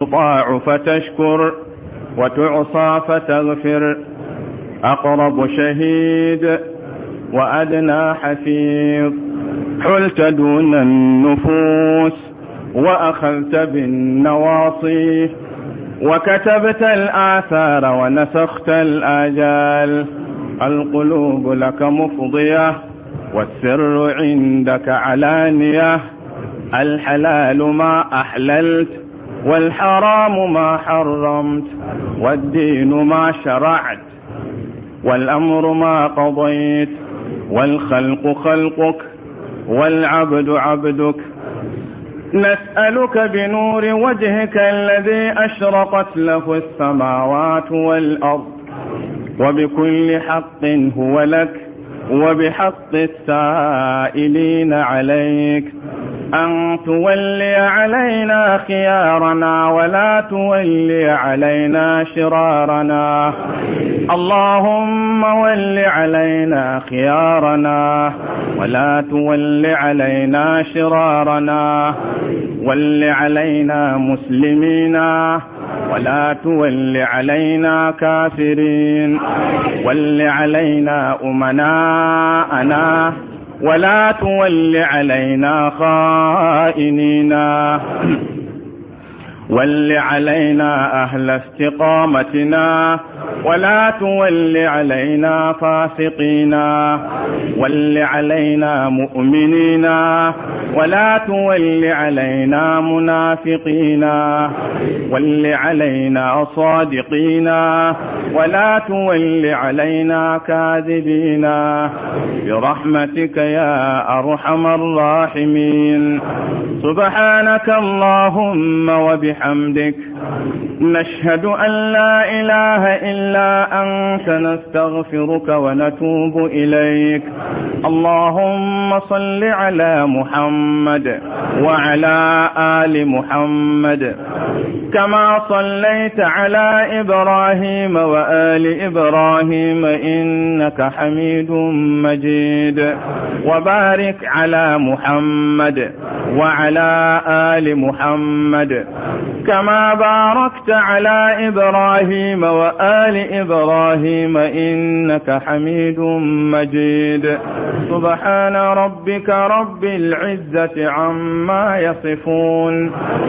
تطاع فتشكر وتعصى فتغفر أقرب شهيد وأدنى حفيظ حلت دون النفوس وأخذت بالنواصي وكتبت الآثار ونسخت الآجال القلوب لك مفضية والسر عندك علانية الحلال ما أحللت والحرام ما حرمت والدين ما شرعت والأمر ما قضيت والخلق خلقك والعبد عبدك نسألك بنور وجهك الذي أشرقت له السماوات والأرض وبكل حق هو لك وبحق السائلين عليك أن تولي علينا خيارنا ولا تولي علينا شرارنا اللهم ول علينا خيارنا ولا تول علينا شرارنا ول علينا مسلمينا ولا تول علينا كافرين ول علينا أمناءنا ولا تول علينا خائنينا ول علينا أهل استقامتنا ولا تول علينا فاسقينا ول علينا مؤمنينا ولا تول علينا منافقينا ول علينا صادقينا ولا تول علينا كاذبينا برحمتك يا أرحم الراحمين سبحانك اللهم وبحمدك نشهد أن لا إله إلا أنت نستغفرك ونتوب إليك اللهم صل على محمد وعلى آل محمد كما صليت على إبراهيم وآل إبراهيم إنك حميد مجيد وبارك على محمد وعلى آل محمد كما بارك باركت على إبراهيم وآل إبراهيم إنك حميد مجيد سبحان ربك رب العزة عما يصفون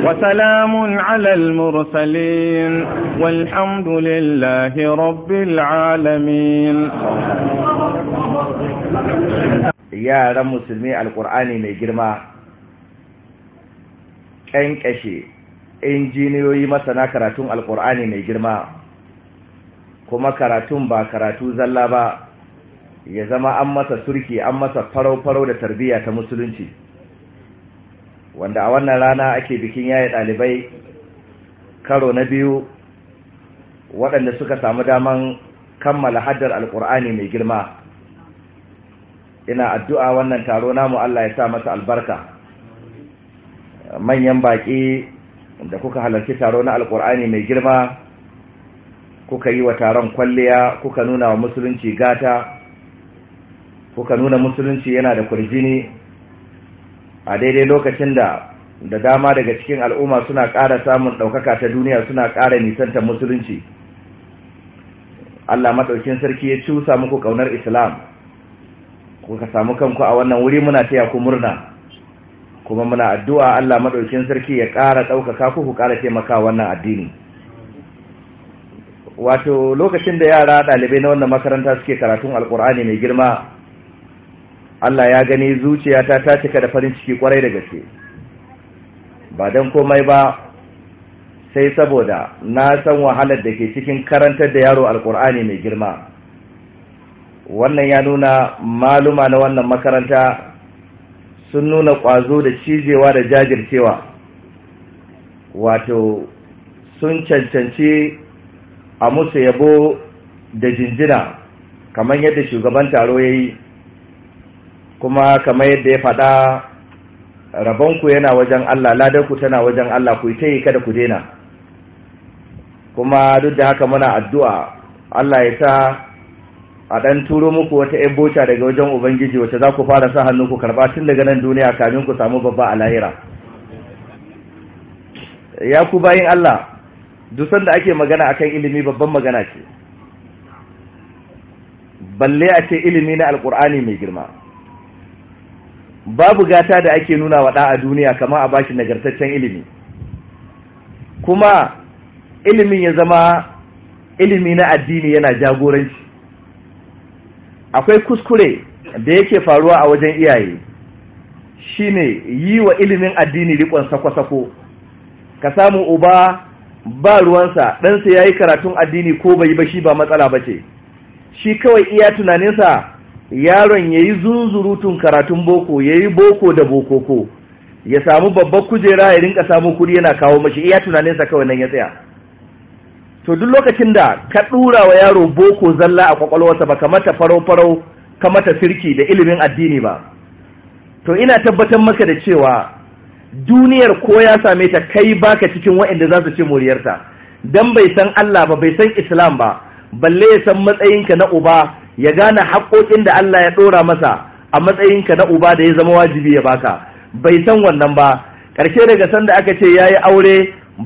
وسلام على المرسلين والحمد لله رب العالمين يا مسلمي القرآن من mai girma ƙyanƙyashe injiniyoyi masana karatun alkur'ani mai girma kuma karatun ba karatu zalla ba ya zama an masa turki an masa farau-farau da tarbiyya ta musulunci wanda a wannan rana ake bikin yaya ɗalibai karo na biyu waɗanda suka samu daman kammala haddar alkur'ani mai girma ina addu'a wannan taro namu Allah ya sa masa albarka manyan baƙi da kuka halarci taro na alkur'ani mai girma kuka yi wa taron kwalliya kuka nuna wa musulunci gata kuka nuna musulunci yana da kurjini a daidai lokacin da da dama daga cikin al'umma suna ƙara samun ɗaukaka ta duniya suna ƙara nisanta musulunci Allah maɗaukin sarki ya cusa muku ƙaunar islam kuka samu kanku a wannan wuri muna taya ku murna kuma muna addu'a Allah maɗaukin sarki ya ƙara ɗaukaka ku ku ƙara taimaka wannan addini wato lokacin da yara ɗalibai na wannan makaranta suke karatun alƙur'ani mai girma Allah ya gani zuciyata ta cika da farin ciki kwarai da gaske ba don komai ba sai saboda na san wahalar da ke cikin karantar da yaro alkur'ani mai girma wannan ya nuna maluma na wannan makaranta sun nuna ƙwazo da cijewa da jajircewa wato sun cancanci a musu yabo da jinjina kamar yadda shugaban taro ya yi kuma kamar yadda ya faɗa rabonku yana wajen Allah ladarku tana wajen Allah ku ta yi kada ku daina kuma duk da haka muna addu'a Allah ya ta. a ɗan turo muku wata ‘yan boca daga wajen Ubangiji wacce za ku fara sa hannu ku karɓa tun daga nan duniya kamin ku samu babba a lahira. Ya ku bayin Allah, dusan da ake magana akan ilimi babban magana ce, balle a ce ilimi na Alƙur'ani mai girma. Babu gata da ake nuna wa a duniya kama a bashi nagartaccen ilimi. Kuma ilimin ya zama ilimi na addini yana jagoranci. akwai kuskure da yake faruwa a wajen iyaye shi ne yi wa ilimin addini rikon sako-sako ka samu uba ba ruwansa ɗansa ya yi karatun addini ko bai ba shi ba matsala ba ce shi kawai iya tunaninsa yaron ya yi zunzurutun karatun boko ya yi boko da bokoko ya samu babbar kujera ya rinka samu kuri yana kawo mashi iya tunaninsa kawai nan ya tsaya to duk lokacin da ka ɗura wa yaro boko zalla a kwakwalwarsa ba ka mata farau-farau ka mata sirki da ilimin addini ba to ina tabbatar maka da cewa duniyar ko ya same ta kai baka cikin waɗanda za su ci moriyarta dan bai san Allah ba bai san Islam ba balle ya san matsayinka na uba ya gane haƙoƙin da Allah ya ɗora masa a matsayinka na uba da ya zama wajibi ya baka bai san wannan ba ƙarshe daga sanda aka ce ya yi aure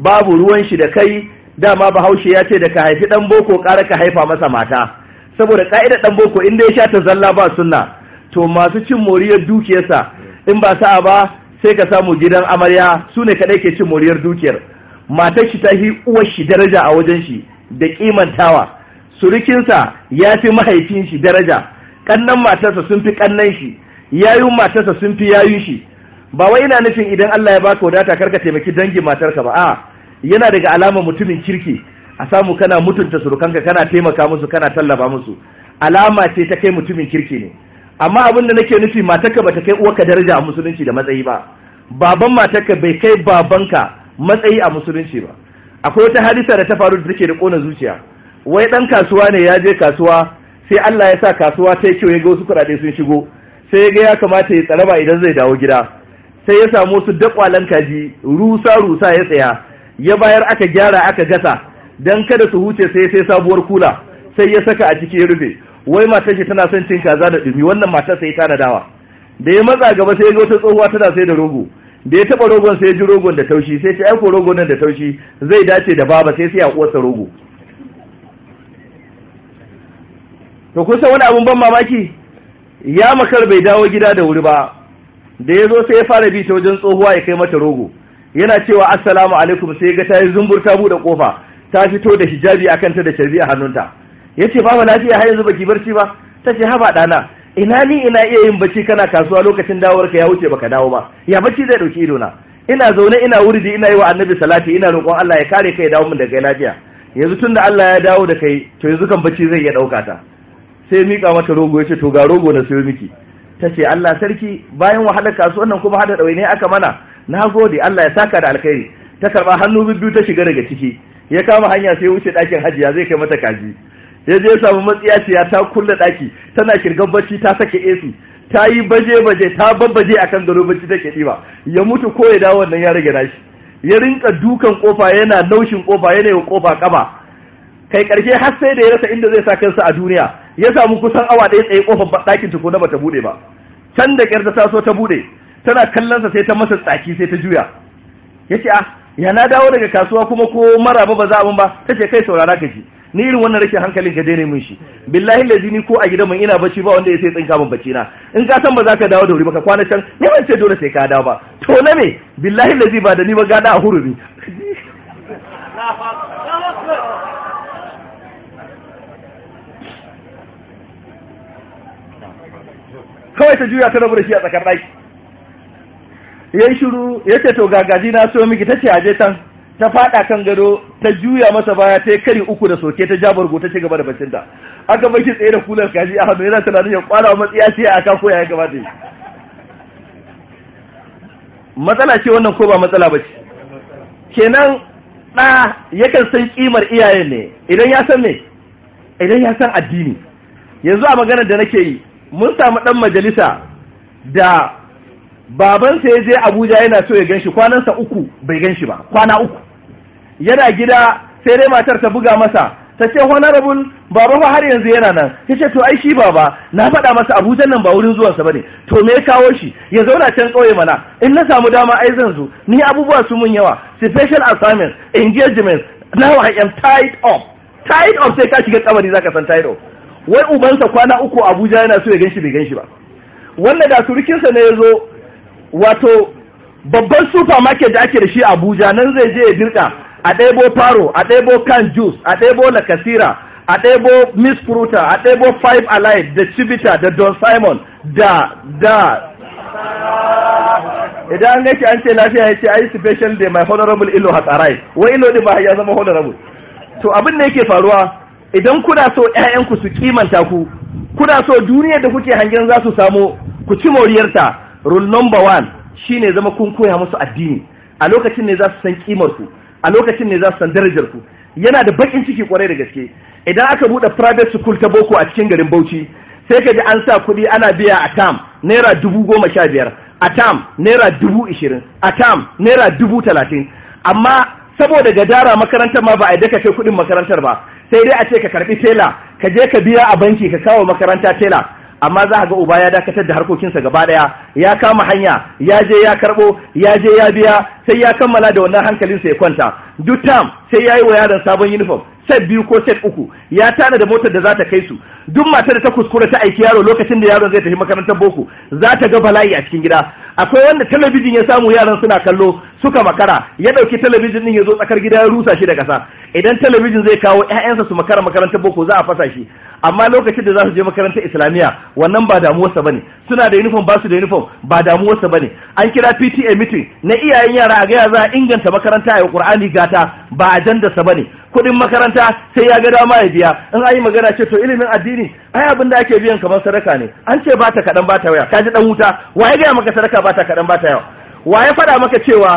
babu ruwan shi da kai dama bahaushe ya ce da ka haifi dan boko ƙara ka haifa masa mata saboda ƙa'idar dan boko in dai ya sha ta zalla ba sunna to masu cin moriyar dukiyarsa in ba sa'a ba sai ka samu gidan amarya su ne kaɗai ke cin moriyar dukiyar matar shi ta hi uwar shi daraja a wajen shi da kimantawa surukinsa ya fi mahaifin shi daraja ƙannan matarsa sun fi ƙannan shi yayun matarsa sun fi yayun shi ba wai ina nufin idan Allah ya baka wadata karka taimaki dangin matarka ba a'a yana daga alama mutumin kirki a samu kana mutunta surukanka kana taimaka musu kana tallafa musu alama ce ta kai mutumin kirki ne amma abin da nake nufi matarka bata kai uwarka daraja a musulunci da matsayi ba baban matarka bai kai babanka matsayi a musulunci ba akwai wata hadisa da ta faru da take da kona zuciya wai dan kasuwa ne ya je kasuwa sai Allah ya sa kasuwa ta kyau ya ga wasu kuɗaɗe sun shigo sai ya ga ya kamata ya tsaraba idan zai dawo gida sai ya samu su dakwalan kaji rusa rusa ya tsaya ya bayar aka gyara aka gasa dan kada su huce sai sai sabuwar kula sai ya saka a ciki ya rufe wai matar shi tana son cin kaza da dumi wannan matar sai ta dawa da ya matsa gaba sai ya ga wata tsohuwa tana sai da rogo da ya taba rogon sai ji rogon da taushi sai ta aiko rogon nan da taushi zai dace da baba sai sai ya uwarsa rogo to kusa wani abun ban mamaki ya makar bai dawo gida da wuri ba da ya zo sai ya fara bi ta wajen tsohuwa ya kai mata rogo yana cewa assalamu alaikum sai ga ta yi zumbur ta buɗe kofa ta fito da hijabi a kanta da sharbi a hannunta ya ce baba lafiya har yanzu baki barci ba ta ce haba ɗana ina ni ina iya yin bacci kana kasuwa lokacin ka ya wuce baka dawo ba ya bacci zai ɗauki na. ina zaune ina wurdi ina yi wa annabi salati ina roƙon Allah ya kare kai dawo min da lafiya yanzu tun da Allah ya dawo da kai to yanzu kan bacci zai iya ɗauka ta sai miƙa mata rogo ya ce to ga rogo na sayo miki ta ce Allah sarki bayan wahalar kasuwan nan kuma hada ne aka mana na gode Allah ya saka da alkhairi ta karba hannu biyu ta shiga daga ciki ya kama hanya sai wuce dakin hajiya zai kai mata kaji ya je samu matsiya ya ta kulle daki tana kirgan bacci ta sake AC ta yi baje baje ta babbaje akan garo bacci take diba ya mutu ko ya dawo wannan ya rage nashi ya rinka dukan kofa yana naushin kofa yana yin kofa kaba kai karshe har sai da ya rasa inda zai sa kansa a duniya ya samu kusan awa ɗaya tsaye kofar tuko tukuna bata bude ba can da ƙyar ta taso ta bude tana kallonsa sai ta masa tsaki sai ta juya ya ce ah ya na dawo daga kasuwa kuma ko maraba ba za abin ba ta ce kai saurara ka ji ni irin wannan rashin hankalin ka daina mun shi billahi lazi ni ko a gidan mun ina bacci ba wanda ya sai tsinka mun bacci na in ka san ba za ka dawo da wuri ba ka kwana can ni ban ce dole sai ka dawo ba to na me billahi lazi ba da ni ba gada a hurumi kawai ta juya ta rabu da shi a tsakar ɗaki ya yi shiru ya ce to gagaji na so miki ta ce aje tan ta fada kan gado ta juya masa baya ta kari uku da soke ta jabar ta ci gaba da bacin da aka bashi tsaye da kulan gaji a hannu yana tunanin ya kwara matsiya ce a kan koya ya gabata yi matsala ce wannan ko ba matsala ba ce kenan ɗa yakan san kimar iyayen ne idan ya san ne idan ya san addini yanzu a maganar da nake yi mun samu ɗan majalisa da babansa ya je abuja yana so ya ganshi kwanansa uku bai ganshi ba kwana uku yana gida sai dai matar ta buga masa ta ce honorable baba fa har yanzu yana nan ta ce to ai shi baba na faɗa masa abuja nan ba wurin zuwansa bane to me ya kawo shi ya zauna can ƙauye mana in na samu dama ai zan zo ni abubuwa su mun yawa special assignments engagements now i am tied up tied up sai ka shiga kabari zaka san tied up wai ubansa kwana uku abuja yana so ya ganshi bai ganshi ba wanda da surukinsa ne ya zo wato babban supermarket da ake da shi abuja nan zai je ya dirka a ɗebo faro a ɗebo can juice a ɗebo lakasira a ɗebo miss fruta a ɗebo five alive da cibita da don simon da da idan an yake an ce lafiya ya ce ai special day my honorable ilo has arrived wai illo din ba ya zama honorable to abin da yake faruwa idan kuna so ƴaƴanku su kimanta ku kuna so duniyar da kuke hangen za su samu ku ci moriyarta rule number one shi ne zama kun koya musu addini a lokacin ne za su san kimarku a lokacin ne za su san darajarku yana da bakin ciki kwarai da gaske idan aka buɗe private school ta boko a cikin garin bauchi sai ka ji an sa kuɗi ana biya a tam naira dubu goma sha biyar a tam naira dubu ishirin a tam naira dubu talatin amma saboda gadara makarantar ma ba a daka kai kuɗin makarantar ba sai dai a ce ka karɓi tela ka je ka biya a banki ka kawo makaranta tela amma za a ga uba ya dakatar da harkokinsa gaba ɗaya. ya kama hanya ya je ya karɓo, ya je ya biya sai ya kammala da wannan sai ya kwanta duk tam sai ya yi wa yaron sabon uniform set biyu ko set uku ya tana da motar da za ta kai su duk matar da ta kuskura ta aiki yaro lokacin da yaron zai tafi makarantar boko za ta ga bala'i a cikin gida akwai wanda talabijin ya samu yaran suna kallo suka makara ya dauki talabijin din ya zo tsakar gida ya rusa shi da kasa idan talabijin zai kawo ƴaƴansa su makara makarantar boko za a fasa shi amma lokacin da za su je makarantar islamiyya wannan ba damuwarsa bane suna da uniform ba su da uniform ba damuwarsa bane an kira PTA meeting na iyayen yara yara a gaya za a inganta makaranta ya qur'ani gata ba ajandarsa ne kuɗin makaranta sai ya ga dama ya biya in yi magana ce to ilimin addini ai abin da ake biyan kamar sadaka ne an ce ba ta kaɗan ba ta yawa kaji ɗan wuta wa ya gaya maka sadaka ba ta kaɗan ba ta yawa wa ya faɗa maka cewa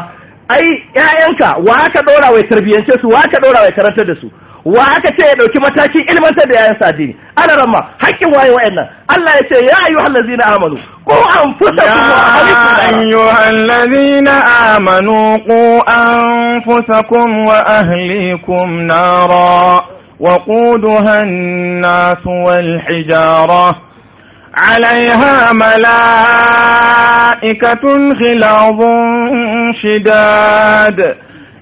ai ƴaƴanka wa aka ɗora ya tarbiyyance su wa ka ɗora ya karantar da su wa aka ce ya dauki matakin ilmantar da yayan sadini ana ramma hakkin waye wayannan Allah ya ce ya ayu ladzina amanu qu anfusakum wa ahlikum ayyuhal ladzina amanu qu anfusakum wa ahlikum nara وقودها الناس والحجارة عليها ملائكة غلاظ شداد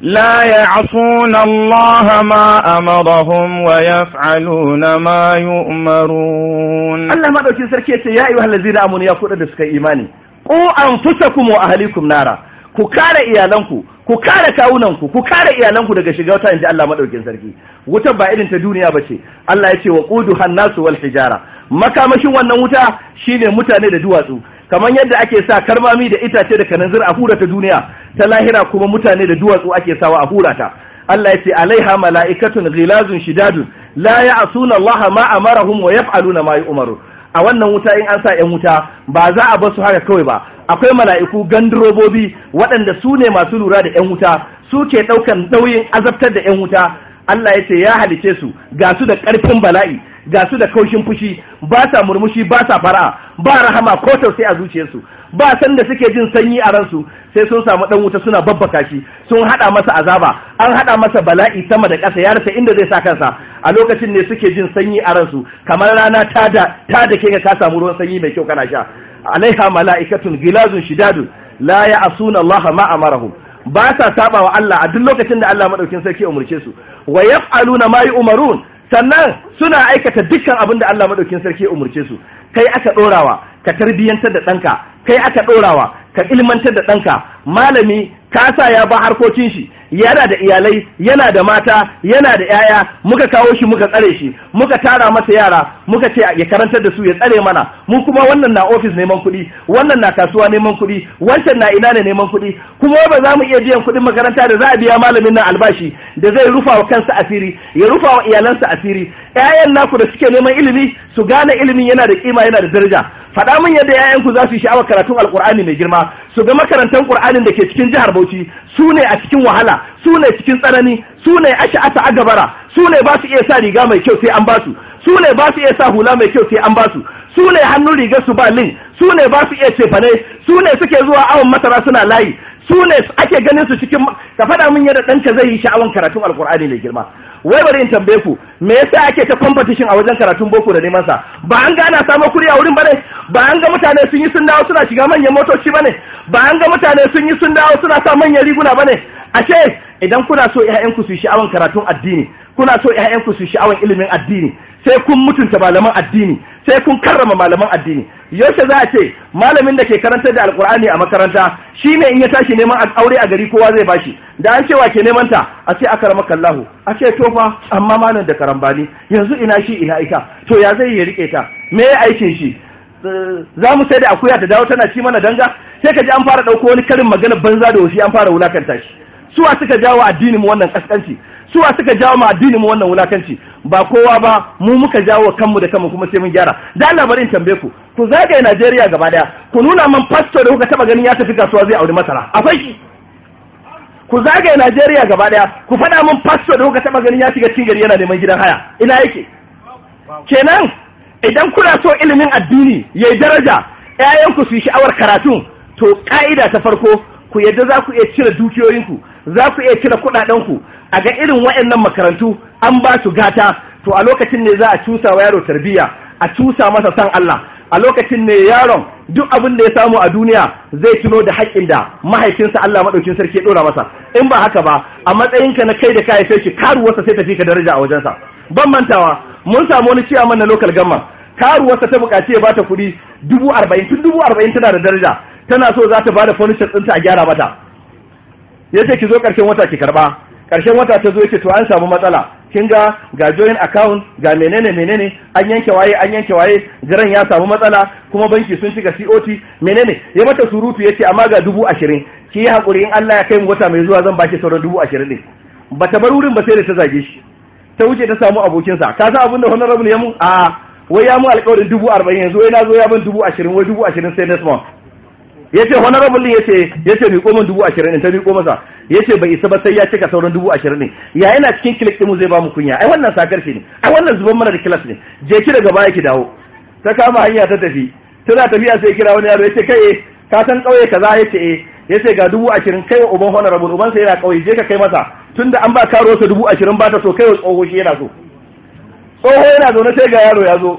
لا يعصون الله ما أمرهم ويفعلون ما يؤمرون الله ما دوكي سركي يا أيها الذين آمنوا يا كودة سكي إيماني قو أنفسكم وأهليكم نارا ku kare iyalanku ku kare kawunanku ku kare iyalanku daga shiga wata inji Allah madaukin sarki Wutan ba irin ta duniya ba ce Allah ya ce wa qudu hannasu wal hijara makamashin wannan wuta shine mutane da duwatsu kamar yadda ake sa karbami da itace da kananzir a hura ta duniya ta lahira kuma mutane da duwatsu ake sawa a hura ta Allah ya ce alaiha mala'ikatun ghilazun shidadun la ya'suna Allah ma amarahum wa yaf'aluna ma yu'maru a wannan wuta in an sa ‘yan wuta ba za a basu haka kawai ba akwai mala'iku gandurobobi waɗanda su ne masu lura da ‘yan wuta suke ke ɗaukan ɗauyin azabtar da ‘yan wuta Allah ya ce ya halice su ga su da ƙarfin bala'i ga su da kaushin fushi ba sa murmushi ba sa fara'a ba rahama ko tausayi a zuciyarsu ba san da suke jin sanyi a ransu sai sun samu dan wuta suna babbaka shi sun hada masa azaba an hada masa bala'i sama da ƙasa ya rasa inda zai sa kansa a lokacin ne suke jin sanyi a ransu kamar rana ta da ta da ke ka samu ruwan sanyi mai kyau kana sha alaiha mala'ikatun gilazun shidadun la ya'asuna Allah ma amarahum ba sa saba wa Allah a duk lokacin da Allah madaukin sarki ya umurce su wa yaf'aluna ma yu'marun sannan suna aikata dukkan abin da Allah madaukin sarki ya umurce su kai aka dorawa ka tarbiyantar da danka kai aka dorawa ka ilmantar da danka malami kasa ya ba harkokin shi yana da iyalai yana da mata yana da yaya muka kawo shi muka tsare shi muka tara masa yara muka ce ya karantar da su ya tsare mana mu kuma wannan na ofis neman kuɗi wannan na kasuwa neman kuɗi wancan na ina ne neman kuɗi kuma ba za mu iya biyan kuɗin makaranta da za a biya malamin nan albashi da zai rufa wa kansa asiri ya rufa wa iyalansa asiri yayan naku da suke neman ilimi su gane ilimin yana da kima yana da daraja faɗa min yadda yayanku za su yi sha'awar karatun alkur'ani mai girma su ga makarantar qur'anin da ke cikin jihar talauci su ne a cikin wahala su ne cikin tsanani su ne ashe asa gabara su ne ba su iya sa riga mai kyau sai an ba su su ne ba su iya sa hula mai kyau sai an ba su su ne hannun rigar su ba lin su ne ba su iya cefane su ne suke zuwa awon masara suna layi su ne ake ganin su cikin ka faɗa min yadda ɗanka zai yi sha'awan karatun alkur'ani mai girma wai bari in tambaye ku me yasa ake ta competition a wajen karatun boko da neman sa ba an ga ana samun kuri a wurin bane ba an ga mutane sun yi sun dawo suna shiga manyan motoci bane ba an ga mutane sun yi sun dawo suna sa manyan riguna bane ashe idan kuna so ƴaƴanku su yi sha'awan karatun addini kuna so ƴaƴanku su yi sha'awan ilimin addini sai kun mutunta malaman addini sai kun karrama malaman addini yaushe za a ce malamin da ke karantar da alkur'ani a makaranta shi ne in ya tashi neman aure a gari kowa zai bashi da an cewa ke neman ta a ce rama kallahu a ce to fa amma malam da karambani yanzu ina shi ina ita to ya zai ya rike ta me ya aikin shi za mu sai da akuya ta dawo tana ci mana danga sai ka ji an fara ɗauko wani karin magana banza da wasu an fara wulakanta shi suwa suka jawo addinin mu wannan kaskanci suwa suka jawo ma addini mu wannan wulakanci ba kowa ba mu muka jawo kanmu da kanmu kuma sai mun gyara da Allah bari in tambaye ku ku zagaye Najeriya gaba daya ku nuna man pastor da kuka taba ganin ya tafi kasuwa zai auri masara akwai shi ku zagaye Najeriya gaba daya ku faɗa min pastor da kuka taba ganin ya shiga cikin gari yana neman gidan haya ina yake kenan idan kuna so ilimin addini yayi daraja ƴaƴanku su yi sha'awar karatu to ka'ida ta farko ku yadda za ku iya cire dukiyoyinku za ku iya cire kuɗaɗenku a ga irin waɗannan makarantu an ba su gata to a lokacin ne za a cusa wa yaro tarbiyya a cusa masa san Allah a lokacin ne yaron duk abin da ya samu a duniya zai tuno da haƙƙin da mahaifinsa Allah maɗaukin sarki ya ɗora masa in ba haka ba a matsayinka na kai da ka haife shi karuwarsa sai ta fi ka daraja a wajensa ban mantawa mun samu wani ciyaman na lokal gamma karuwarsa ta buƙaci ya bata kuɗi dubu arba'in tun dubu arba'in tana da daraja tana so za ta bada da furniture ɗinta a gyara mata ya ce ki zo ƙarshen wata ki karɓa ƙarshen wata ta zo ce to an samu matsala kin ga ga join account ga menene menene an yanke waye an yanke waye jiran ya samu matsala kuma banki sun shiga COT menene ya mata surutu ya ce amma ga dubu ashirin ki yi haƙuri in Allah ya kai mu wata mai zuwa zan baki sauran dubu ashirin ne ba ta bar wurin ba sai da ta zage shi ta wuce ta samu abokinsa ka san abin da honorable ya mun a wai ya mu alƙawarin dubu arba'in yanzu wai na zo ya ban dubu ashirin wai dubu ashirin sai next month ya ce honorable ya ce ya ce miƙo min dubu ashirin ta miƙo masa ya ce bai isa ba sai ya cika sauran dubu ashirin ne ya yana cikin kilik mu zai ba mu kunya ai wannan sakar shi ne ai wannan zuban mana da kilas ne je ki daga baya ki dawo ta kama hanya ta tafi tana tafiya sai kira wani yaro ya ce kai eh, ka san ƙauye kaza ya ce eh ya ce ga dubu ashirin kai wa uban honorable uban sai yana ƙauye je ka kai masa tunda an ba karo sa dubu ashirin ba ta so kai tsoho shi yana so tsoho yana zaune sai ga yaro ya zo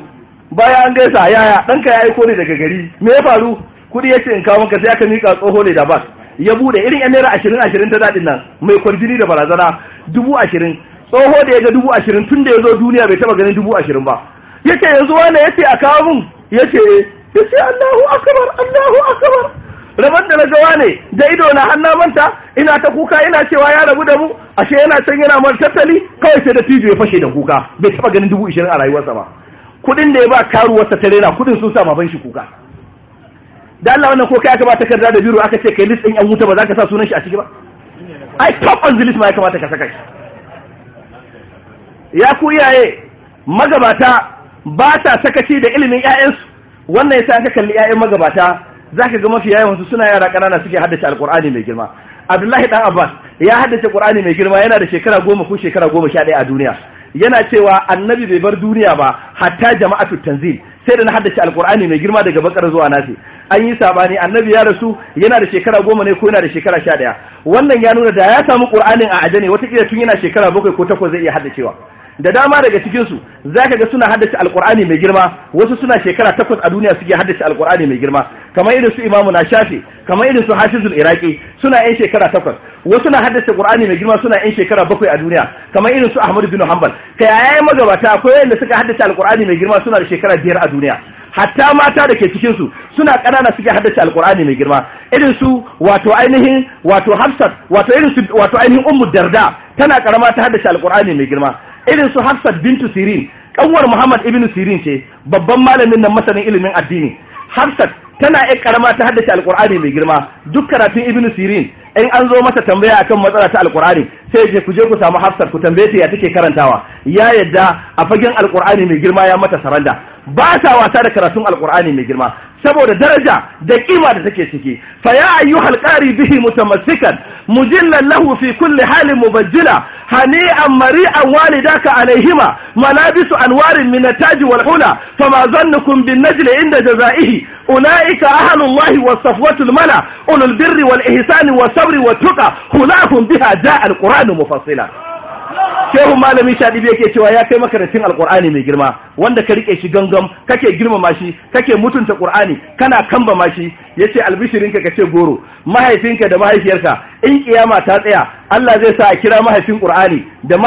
baya an gaisa yaya ɗanka ya aiko ne daga gari me ya faru kudi ya ce in kawo maka sai aka mika tsoho ne da bas ya bude irin yan naira ashirin ashirin ta daɗin nan mai kwarjini da barazana dubu ashirin tsoho da ya ga dubu ashirin tun da ya zo duniya bai taba ganin dubu ashirin ba ya ce yanzu wane ya ce a kawo mun ya ce ya ce allahu akabar allahu akabar rabar da na gawa ne da ido na hannu manta ina ta kuka ina cewa ya rabu da mu ashe yana can yana mar tattali kawai sai da tijo ya fashe da kuka bai taba ganin dubu ashirin a rayuwarsa ba kuɗin da ya ba karuwarsa ta rera kuɗin sun sa baban shi kuka da Allah wannan ko kai aka ba takarda da biro aka ce kai list din an wuta ba za ka sa sunan shi a ciki ba ai top on the list ma ya kamata ka saka shi ya ku iyaye magabata ba ta sakaci da ilimin ƴaƴansu wannan yasa aka kalli ƴaƴan magabata zaka ga mafi yawan su suna yara ƙanana suke haddace alqur'ani mai girma abdullahi dan abbas ya haddace qur'ani mai girma yana da shekara goma ko shekara goma sha ɗaya a duniya yana cewa annabi bai bar duniya ba hatta jama'atu tanzil sai da na haddace alqur'ani mai girma daga bakar zuwa nasi an yi sabani annabi ya rasu yana da shekara goma ne ko yana da shekara sha ɗaya wannan ya nuna da ya samu ƙur'anin a ajane watakila tun yana shekara bakwai ko takwas zai iya haddacewa da dama daga cikinsu za ka ga suna haddace alkur'ani mai girma wasu suna shekara takwas a duniya suke haddace alkur'ani mai girma kamar irin su imamu na shafi kamar irin su hafizul iraki suna yan shekara takwas wasu na haddace ƙurani mai girma suna yan shekara bakwai a duniya kamar irin su ahmadu bin hanbal kai yayin magabata akwai wanda suka haddace alkur'ani mai girma suna da shekara biyar a duniya hatta mata da ke cikinsu suna ƙanana suke haddace Alƙur'ani mai girma irin su wato ainihin wato hafsat wato wato ainihin ummu darda tana karama ta haddace alqur'ani mai girma irin su hafsat bintu sirin ƙanwar muhammad ibnu sirin ce babban malamin nan masanin ilimin addini hafsat tana yar karama ta haddace Alƙur'ani mai girma duk karatun ibnu sirin in an zo mata tambaya akan matsala ta Alƙur'ani sai je ku je ku samu hafsar ku tambaye ta ya take karantawa ya yadda a fagen Alƙur'ani mai girma ya mata saranda ba ta wasa da karatun Alƙur'ani mai girma saboda daraja da ƙima da take ciki fa ya ayyuhal qari bihi mutamassikan mujillan lahu fi kulli halin mubajjila hani'an mari'an walidaka alaihima malabisu anwarin min at-taj wal hula fama zannukum bin najli inda jazaihi ulai أولئك أهل الله والصفوة الملا أولو البر والإحسان والصبر والتقى خلاف بها جاء القرآن مفصلا shehu malami shadibi yake cewa ya kai makarantun alkur'ani mai girma wanda ka rike shi gangam kake girmama shi kake mutunta qur'ani kana kambama shi ce albishirinka ka ce goro mahaifinka da mahaifiyarka in kiyama ta tsaya Allah zai sa a kira mahaifin qur'ani da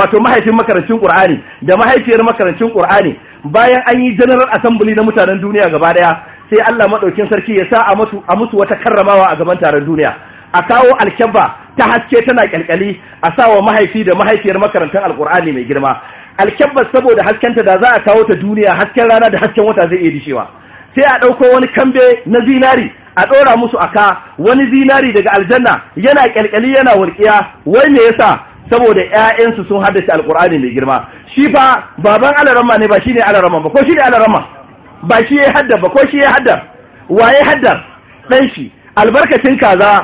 wato mahaifin makarantun qur'ani da mahaifiyar makarantun qur'ani bayan an yi general assembly na mutanen duniya gaba daya sai Allah maɗaukin sarki ya sa a mutu musu wata karramawa a gaban taron duniya a kawo alkyabba ta haske tana ƙyalƙyali a sa wa mahaifi da mahaifiyar makarantar alkur'ani mai girma alkyabba saboda haskenta da za a kawo ta duniya hasken rana da hasken wata zai iya dishewa sai a ɗauko wani kambe na zinari a ɗora musu a ka wani zinari daga aljanna yana ƙyalƙyali yana walƙiya wai me yasa saboda ƴaƴansu sun haddace alkur'ani mai girma shi fa baban alarama ne ba shine alarama ba ko shine alarama ba shi ya haddar ba ko shi ya haddar waye haddar dan shi albarkacin kaza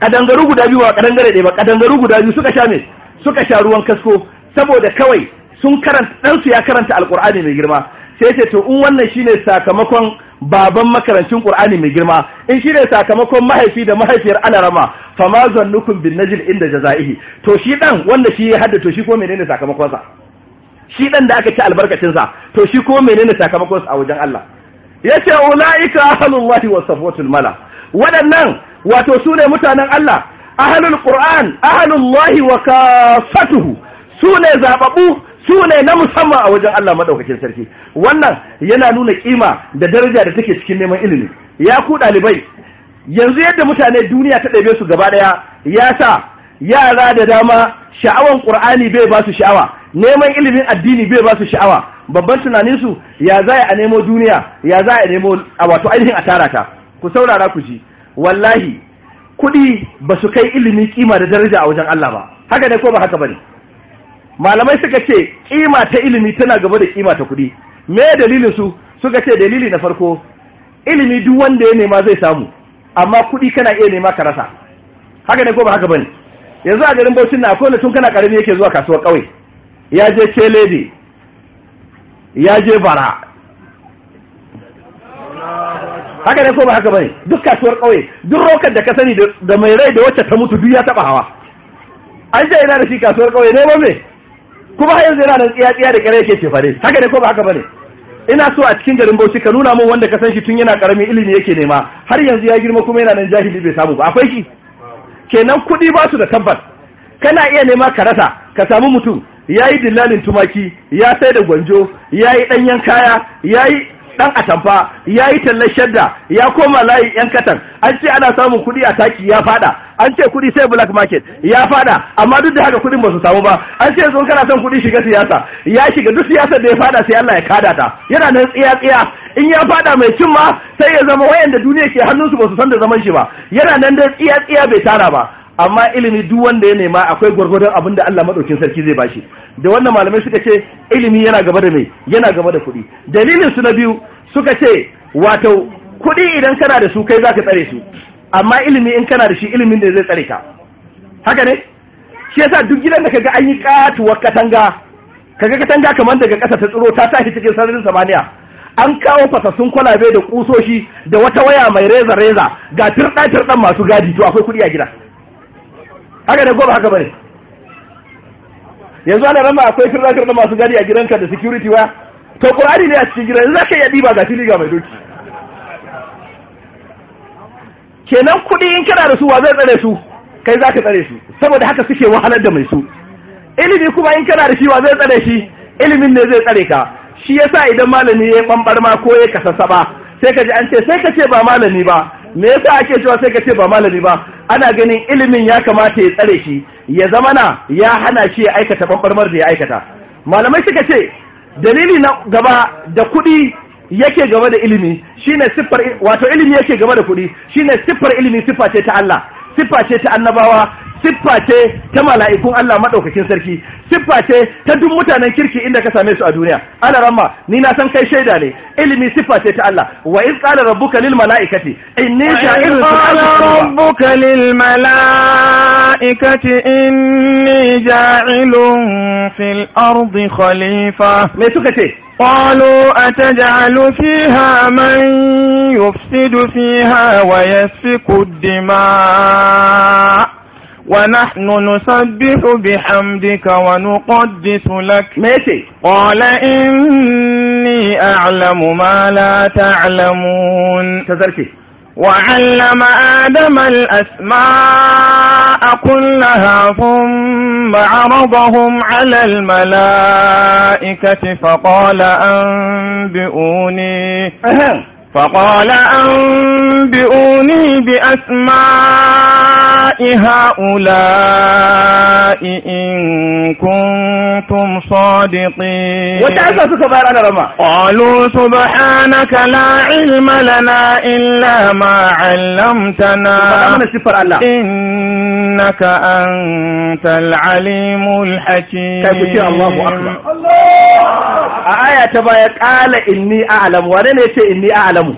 kadangaru guda biyu ba kadangare ɗaya ba kadangaru guda biyu suka sha me suka sha ruwan kasko saboda kawai sun karanta dan ya karanta alqur'ani mai girma sai sai to in wannan shine sakamakon baban makarancin ƙur'ani mai girma in shine sakamakon mahaifi da mahaifiyar alarama fama zannukum bin najil inda jazaihi to shi dan wanda shi ya haddar to shi ko menene sakamakonsa. shi ɗan da aka ci albarkacinsa to shi ko menene sakamakonsa a wajen Allah ya ce ula'ika wahi wa safwatul mala waɗannan wato su ne mutanen Allah ahalul qur'an wahi wa kafatuhu su ne zaɓaɓu su ne na musamman a wajen Allah maɗaukakin sarki wannan yana nuna kima da daraja da take cikin neman ilimi ya ku ɗalibai yanzu yadda mutane duniya ta ɗabe su gaba ɗaya ya sa yara da dama sha'awan ƙur'ani bai ba su sha'awa neman ilimin addini bai ba su sha'awa babban tunanin su ya za a nemo duniya ya za a nemo a wato ainihin a tara ta ku saurara ku ji wallahi kuɗi ba su kai ilimi kima da daraja a wajen Allah ba haka ne ko ba haka bane malamai suka ce kima ta ilimi tana gaba da kima ta kuɗi me dalilin su suka ce dalili na farko ilimi duk wanda ya nema zai samu amma kuɗi kana iya nema ka rasa haka ne ko ba haka bane yanzu a garin Bauchi na akwai tun kana karami yake zuwa kasuwar ƙauye ya je kelebe ya je bara haka ne ko ba haka bane duk kasuwar kauye duk rokar da ka sani da mai rai da wacce ta mutu duk ya taba hawa an ce yana da shi kasuwar kauye ne ba me kuma har yanzu yana da tsiya tsiya da kare yake ce fare haka ne ko ba haka bane ina so a cikin garin Bauchi ka nuna min wanda ka san shi tun yana karamin ilimi yake nema har yanzu ya girma kuma yana nan jahili bai samu ba akwai shi kenan kuɗi ba su da tabbas kana iya nema ka rasa ka samu mutum ya yi dillalin tumaki ya sai da gwanjo ya yi ɗanyen kaya ya yi ɗan atamfa ya yi tallar shadda ya koma layi yan katan an ce ana samun kuɗi a taki ya fada an ce kuɗi sai black market ya fada amma duk da haka kuɗin ba su samu ba an ce sun kana son kuɗi shiga siyasa ya shiga duk siyasa da ya fada sai Allah ya kada ta yana nan tsiya tsiya in ya fada mai cimma sai ya zama wayanda duniya ke hannunsu ba su san da zaman shi ba yana nan da tsiya tsiya bai tara ba amma ilimi duk wanda ya nema akwai gwargwadon abin da Allah madaukin sarki zai bashi da wannan malamai suka ce ilimi yana gaba da mai yana gaba da kuɗi dalilin su na biyu suka ce wato kuɗi idan kana da su kai zaka tsare su amma ilimi in kana da shi ilimin ne zai tsare ka haka ne shi yasa duk gidan da kaga an yi katuwar katanga kaga katanga kamar daga ƙasa ta tsiro ta tashi cikin sararin samaniya an kawo fasassun kwalabe da kusoshi da wata waya mai reza reza ga turɗa turɗan masu gadi to akwai kuɗi a gida haka da ko haka bane yanzu ana rama akwai kirrakar da masu gadi a gidanka da security wa to kurari ne a cikin gidan za ka iya diba ga fili mai doki kenan kudi in kana da su wa zai tsare su kai za ka tsare su saboda haka suke wahalar da mai su ilimi kuma in kana da shi wa zai tsare shi ilimin ne zai tsare ka shi yasa idan malami ya bambar ma ko ya kasasa ba sai ka ji an ce sai ka ce ba malami ba me yasa ake cewa sai ka ce ba malami ba ana ganin ilimin ya kamata ya tsare shi ya zama na ya hana shi ya aikata babbarmar da ya aikata malamai suka ce dalili na gaba da kuɗi yake gaba da ilimi shine siffar wato ilimi yake gaba da kuɗi shine siffar ilimi siffa ce ta Allah siffa ce ta annabawa siffa ce ta mala'ikun Allah madaukakin sarki siffa ce ta duk mutanen kirki inda ka same su a duniya ana ramma ni na san kai shaida ne ilimi siffa ce ta Allah wa iz qala rabbuka lil mala'ikati inni ja'ilun qala rabbuka lil mala'ikati inni ja'ilun fil ardi khalifa me suka ce قالوا أتجعل فيها من يفسد فيها ويسفك الدماء ونحن نسبح بحمدك ونقدس لك ماشي قال إني أعلم ما لا تعلمون تذكر وعلم آدم الأسماء كلها ثم عرضهم على الملائكة فقال أنبئوني أهم. فقال أنبئوني بأسماء هؤلاء إن كنتم صادقين قالوا سبحانك لا علم لنا إلا ما علمتنا إنك أنت العليم الحكيم الله أكبر آية تبا قال إني أعلم ولن يتي إني أعلم mu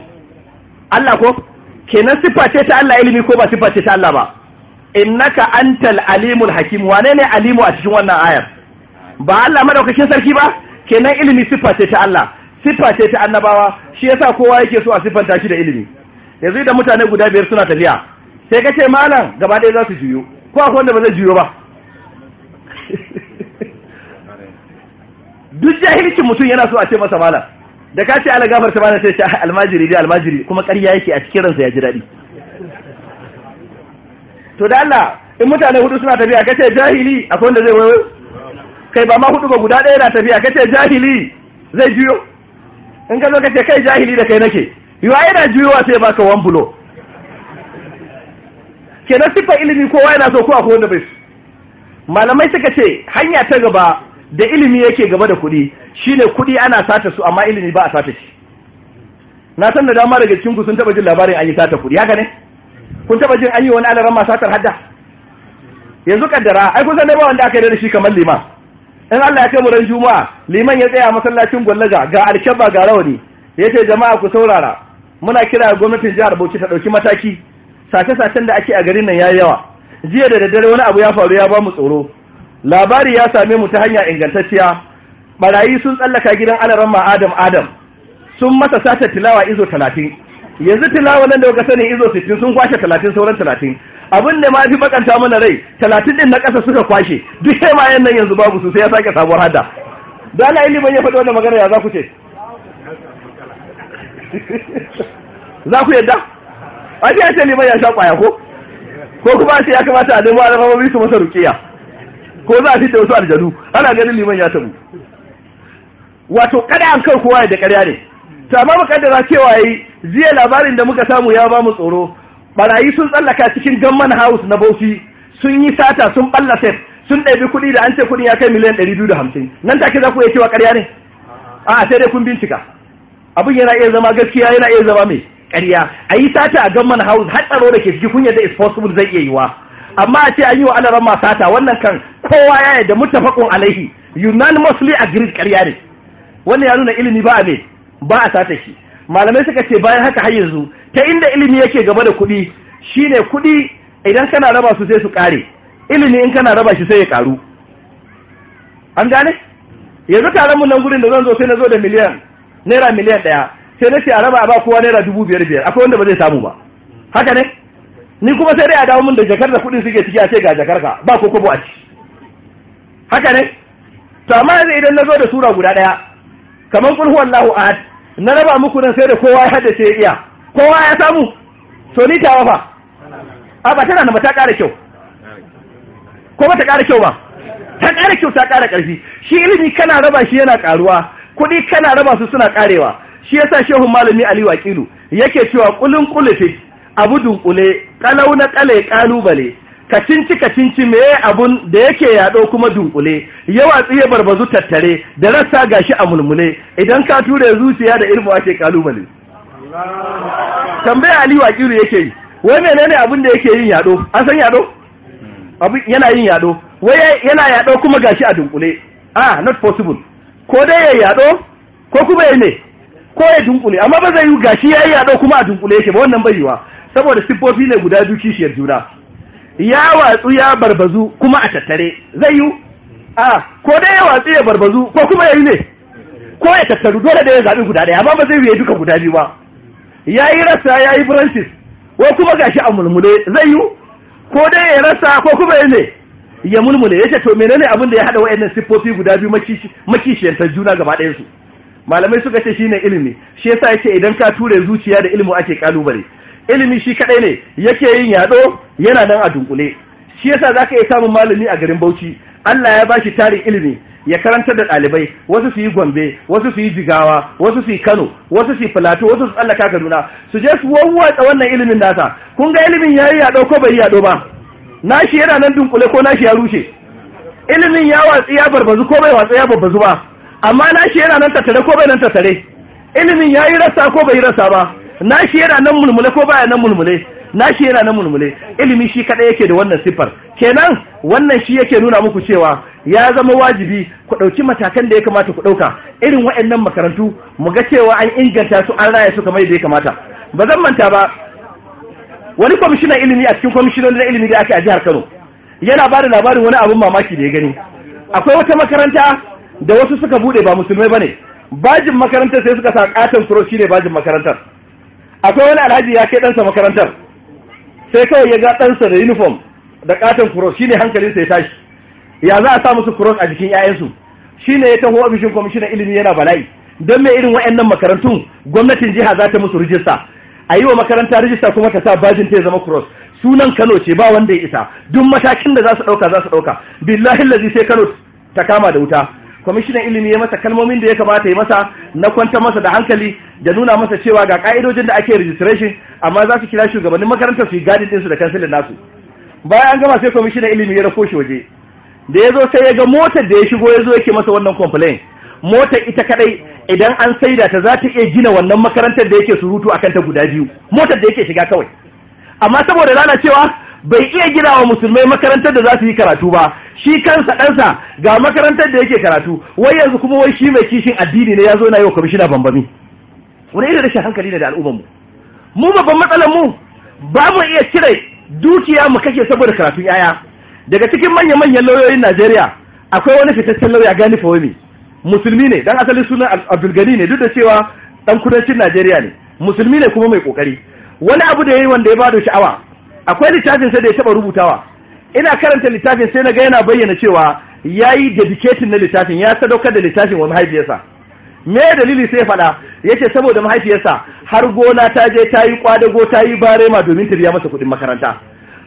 Allah ko kenan siffa ce ta Allah ilimi ko ba siffa ce ta Allah ba innaka antal alimul hakim wane ne alimu a cikin wannan ayar ba Allah madaukakin sarki ba kenan ilimi siffa ce ta Allah siffa ce ta annabawa shi yasa kowa yake so a siffan shi da ilimi yanzu da mutane guda biyar suna tafiya sai ka ce malam gaba ɗaya za su juyo ko akwai wanda ba zai juyo ba duk jahilcin mutum yana so a ce masa malam da ka ce ala gafarta bana sai ce ah, almajiri dai almajiri kuma ƙarya yake a cikin ransa ya ji daɗi to da Allah in mutane hudu suna tafiya ka ce jahili akwai wanda zai wayo kai ba ma hudu ba guda ɗaya na tafiya ka ce jahili zai juyo in ka zo ka ce kai jahili da kai nake yiwa yana juyowa sai baka wan bulo kenan siffar ilimi kowa yana so ko akwai wanda bai malamai suka ce hanya ta gaba da ilimi yake gaba da kuɗi ne kuɗi ana sata su amma ilimi ba a sata shi na san da dama daga cikin ku sun taba jin labarin an yi sata kuɗi haka ne kun taba jin an yi wani alaran masu satar hadda yanzu kaddara ai kun san dai ba wanda aka yi da shi kamar liman in Allah ya kai mu ran juma'a liman ya tsaya masallacin gwallaga ga alkaba ga rawani ce jama'a ku saurara muna kira gwamnatin jihar Bauchi ta dauki mataki sace-sacen da ake a garin nan yayi yawa jiya da daddare wani abu ya faru ya ba mu tsoro labari ya same mu ta hanya ingantacciya barayi sun tsallaka gidan alaran adam adam sun masa sata tilawa izo talatin yanzu tilawa nan da kuka sani izo sittin sun kwashe talatin sauran talatin abin da ma fi bakanta mana rai talatin din na ƙasa suka kwashe duk sai ma nan yanzu babu su sai ya sake sabuwar hada da ala ilimin ya faɗi wannan magana ya za ku ce za ku yadda a ce liman ya sha ƙwaya ko ko kuma sai ya kamata a nemo alamomi su masa rukiya ko za a fita wasu aljanu ana ganin liman ya tabu wato kada an kar kowa da karya ne ta ba mu kaddara cewa yi jiya labarin da muka samu ya ba mu tsoro barayi sun tsallaka cikin gamman haus na bauchi sun yi sata sun balla set sun ɗabi kuɗi da an ce kuɗin ya kai miliyan ɗari biyu da hamsin nan take za ku iya cewa karya ne a'a sai dai kun bincika abin yana iya zama gaskiya yana iya zama mai ƙarya a yi sata a gamman house har tsaro da ke ciki kun yadda is possible zai iya yiwa amma a ce an yi wa alaran ma sata wannan kan kowa ya da mutafakon alaihi unanimously agreed ƙarya ne wannan ya nuna ilimi ba a ba a sata shi malamai suka ce bayan haka har yanzu ta inda ilimi yake gaba da kuɗi ne kuɗi idan kana raba su sai su kare ilimi in kana raba shi sai ya karu. an gane yanzu taron mu nan gurin da zan zo sai na zo da miliyan naira miliyan ɗaya sai na ce a raba a ba kowa naira dubu biyar biyar akwai wanda ba zai samu ba haka ne ni kuma sai dai a dawo mun da jakar da kuɗin suke ciki a ce ga jakar ka ba ko kobo a ciki haka ne to amma yanzu idan na zo da sura guda ɗaya kamar kulhu wallahu ahad na raba muku nan sai da kowa ya hada ya iya kowa ya samu to ni ta wafa a ba tana ba ta ƙara kyau ko ba ta ƙara kyau ba ta ƙara kyau ta ƙara ƙarfi shi ilimi kana raba shi yana ƙaruwa kuɗi kana raba su suna ƙarewa shi yasa shehu malami Ali Wakilu yake cewa kulun kulufi abu dunkule kalau na kale kalubale kacinci kacinci meye abun da yake yaɗo kuma dunkule yawa tsiye barbazu tattare da rassa gashi a mulmule idan ka ture zuciya da ilmu ake kalubale tambaya ali wakiru yake yi wai menene abun da yake yin yaɗo an san yaɗo yana yin yaɗo wai yana yaɗo kuma gashi a dunkule ah not possible ko dai ya yaɗo ko kuma ya ne ko ya dunkule amma ba zai yi gashi ya yi yaɗo kuma a dunkule yake ba wannan bai yiwa saboda siffofi ne guda biyu jura. juna ya watsu ya barbazu kuma a tattare zai yi a ko dai ya watsu ya barbazu ko kuma ya yi ne ko ya tattaru dole da ya zaɓi guda ɗaya amma ba zai yi duka guda biyu ba ya yi rasa ya yi francis ko kuma ga shi a mulmule zai yi ko dai ya rasa ko kuma ya ne ya mulmule ya ce to menene abin da ya haɗa wa'annan siffofi guda biyu makishiyantar juna gaba ɗaya su? malamai suka ce shine ilimi shi yasa ce idan ka ture zuciya da ilimi ake kalubale ilimi shi kaɗai ne yake yin yaɗo yana nan a dunkule shi yasa za ka iya samun malami a garin bauchi allah ya ba shi tarin ilimi ya karantar da ɗalibai wasu su yi gombe wasu su yi jigawa wasu su yi kano wasu su yi filato wasu su tsallaka kaduna su je su wawwatsa wannan ilimin nasa kun ga ilimin ya yi yaɗo ko bai yi yaɗo ba nashi yana nan dunkule ko nashi ya rushe ilimin ya watsi ya barbazu ko bai watsi ya barbazu ba amma nashi yana nan tattare ko bai nan tattare ilimin ya yi rasa ko bai yi rasa ba Na shi yana nan mulmule ko baya nan mulmule Na shi yana nan mulmule ilimi shi kadai yake da wannan sifar kenan wannan shi yake nuna muku cewa ya zama wajibi ku ɗauki matakan da ya kamata ku ɗauka irin waɗannan makarantu mu ga cewa an inganta su an raya su kamar yadda ya kamata ba zan manta ba wani kwamishinan ilimi a cikin kwamishinan na ilimi da ake a jihar Kano yana ba da labarin wani abin mamaki da ya gani akwai wata makaranta da wasu suka bude ba musulmai bane bajin makarantar sai suka sa katon furo ne bajin makarantar akwai wani alhaji ya ke ɗansa makarantar sai kawai ya ga ɗansa da uniform da katon cross ne hankalinsa ya tashi ya za a sa musu cross a jikin 'ya'yansu Shi ne ya taho ofishin kwamishinan ilimi yana bala'i don mai irin waɗannan makarantun gwamnatin jiha za ta musu rijista a yi wa makaranta rijista kuma ta sa bajin ta zama cross sunan kano ce ba wanda ya isa duk matakin da za su ɗauka za su ɗauka billahi lazi sai kano ta kama da wuta kwamishinan ilimi ya masa kalmomin da ya kamata ya masa na kwanta masa da hankali da nuna masa cewa ga ka'idojin da ake registration amma za su kira shugabannin makarantar su yi gadin ɗinsu da kansilin nasu bayan an gama sai kwamishinan ilimi ya rako shi waje da ya zo sai ya ga motar da ya shigo ya zo yake masa wannan complain motar ita kadai idan an saida ta za ta iya gina wannan makarantar da yake surutu akan ta guda biyu motar da yake shiga kawai amma saboda lalacewa bai iya gina wa musulmai makarantar da za su yi karatu ba shi kansa ɗansa ga makarantar da yake karatu wai yanzu kuma wai shi mai kishin addini ne ya zo na yi wa kwamishina bambami wani irin rashin hankali ne da al'ummarmu mu babban matsalar mu ba mu iya cire dukiya mu kashe saboda karatun yaya daga cikin manyan manyan lauyoyin najeriya akwai wani fitaccen lauya gani fawami musulmi ne dan asalin sunan abdulgani ne duk da cewa dan kudancin najeriya ne musulmi ne kuma mai kokari wani abu da ya yi wanda ya bada sha'awa akwai littafin sai da ya taba rubutawa ina karanta littafin sai na ga yana bayyana cewa ya yayi dedicating na littafin ya sadaukar da littafin wa mahaifiyarsa me dalili sai faɗa yace saboda mahaifiyarsa har gona ta je ta yi kwadago ta yi barema domin ta biya masa kuɗin makaranta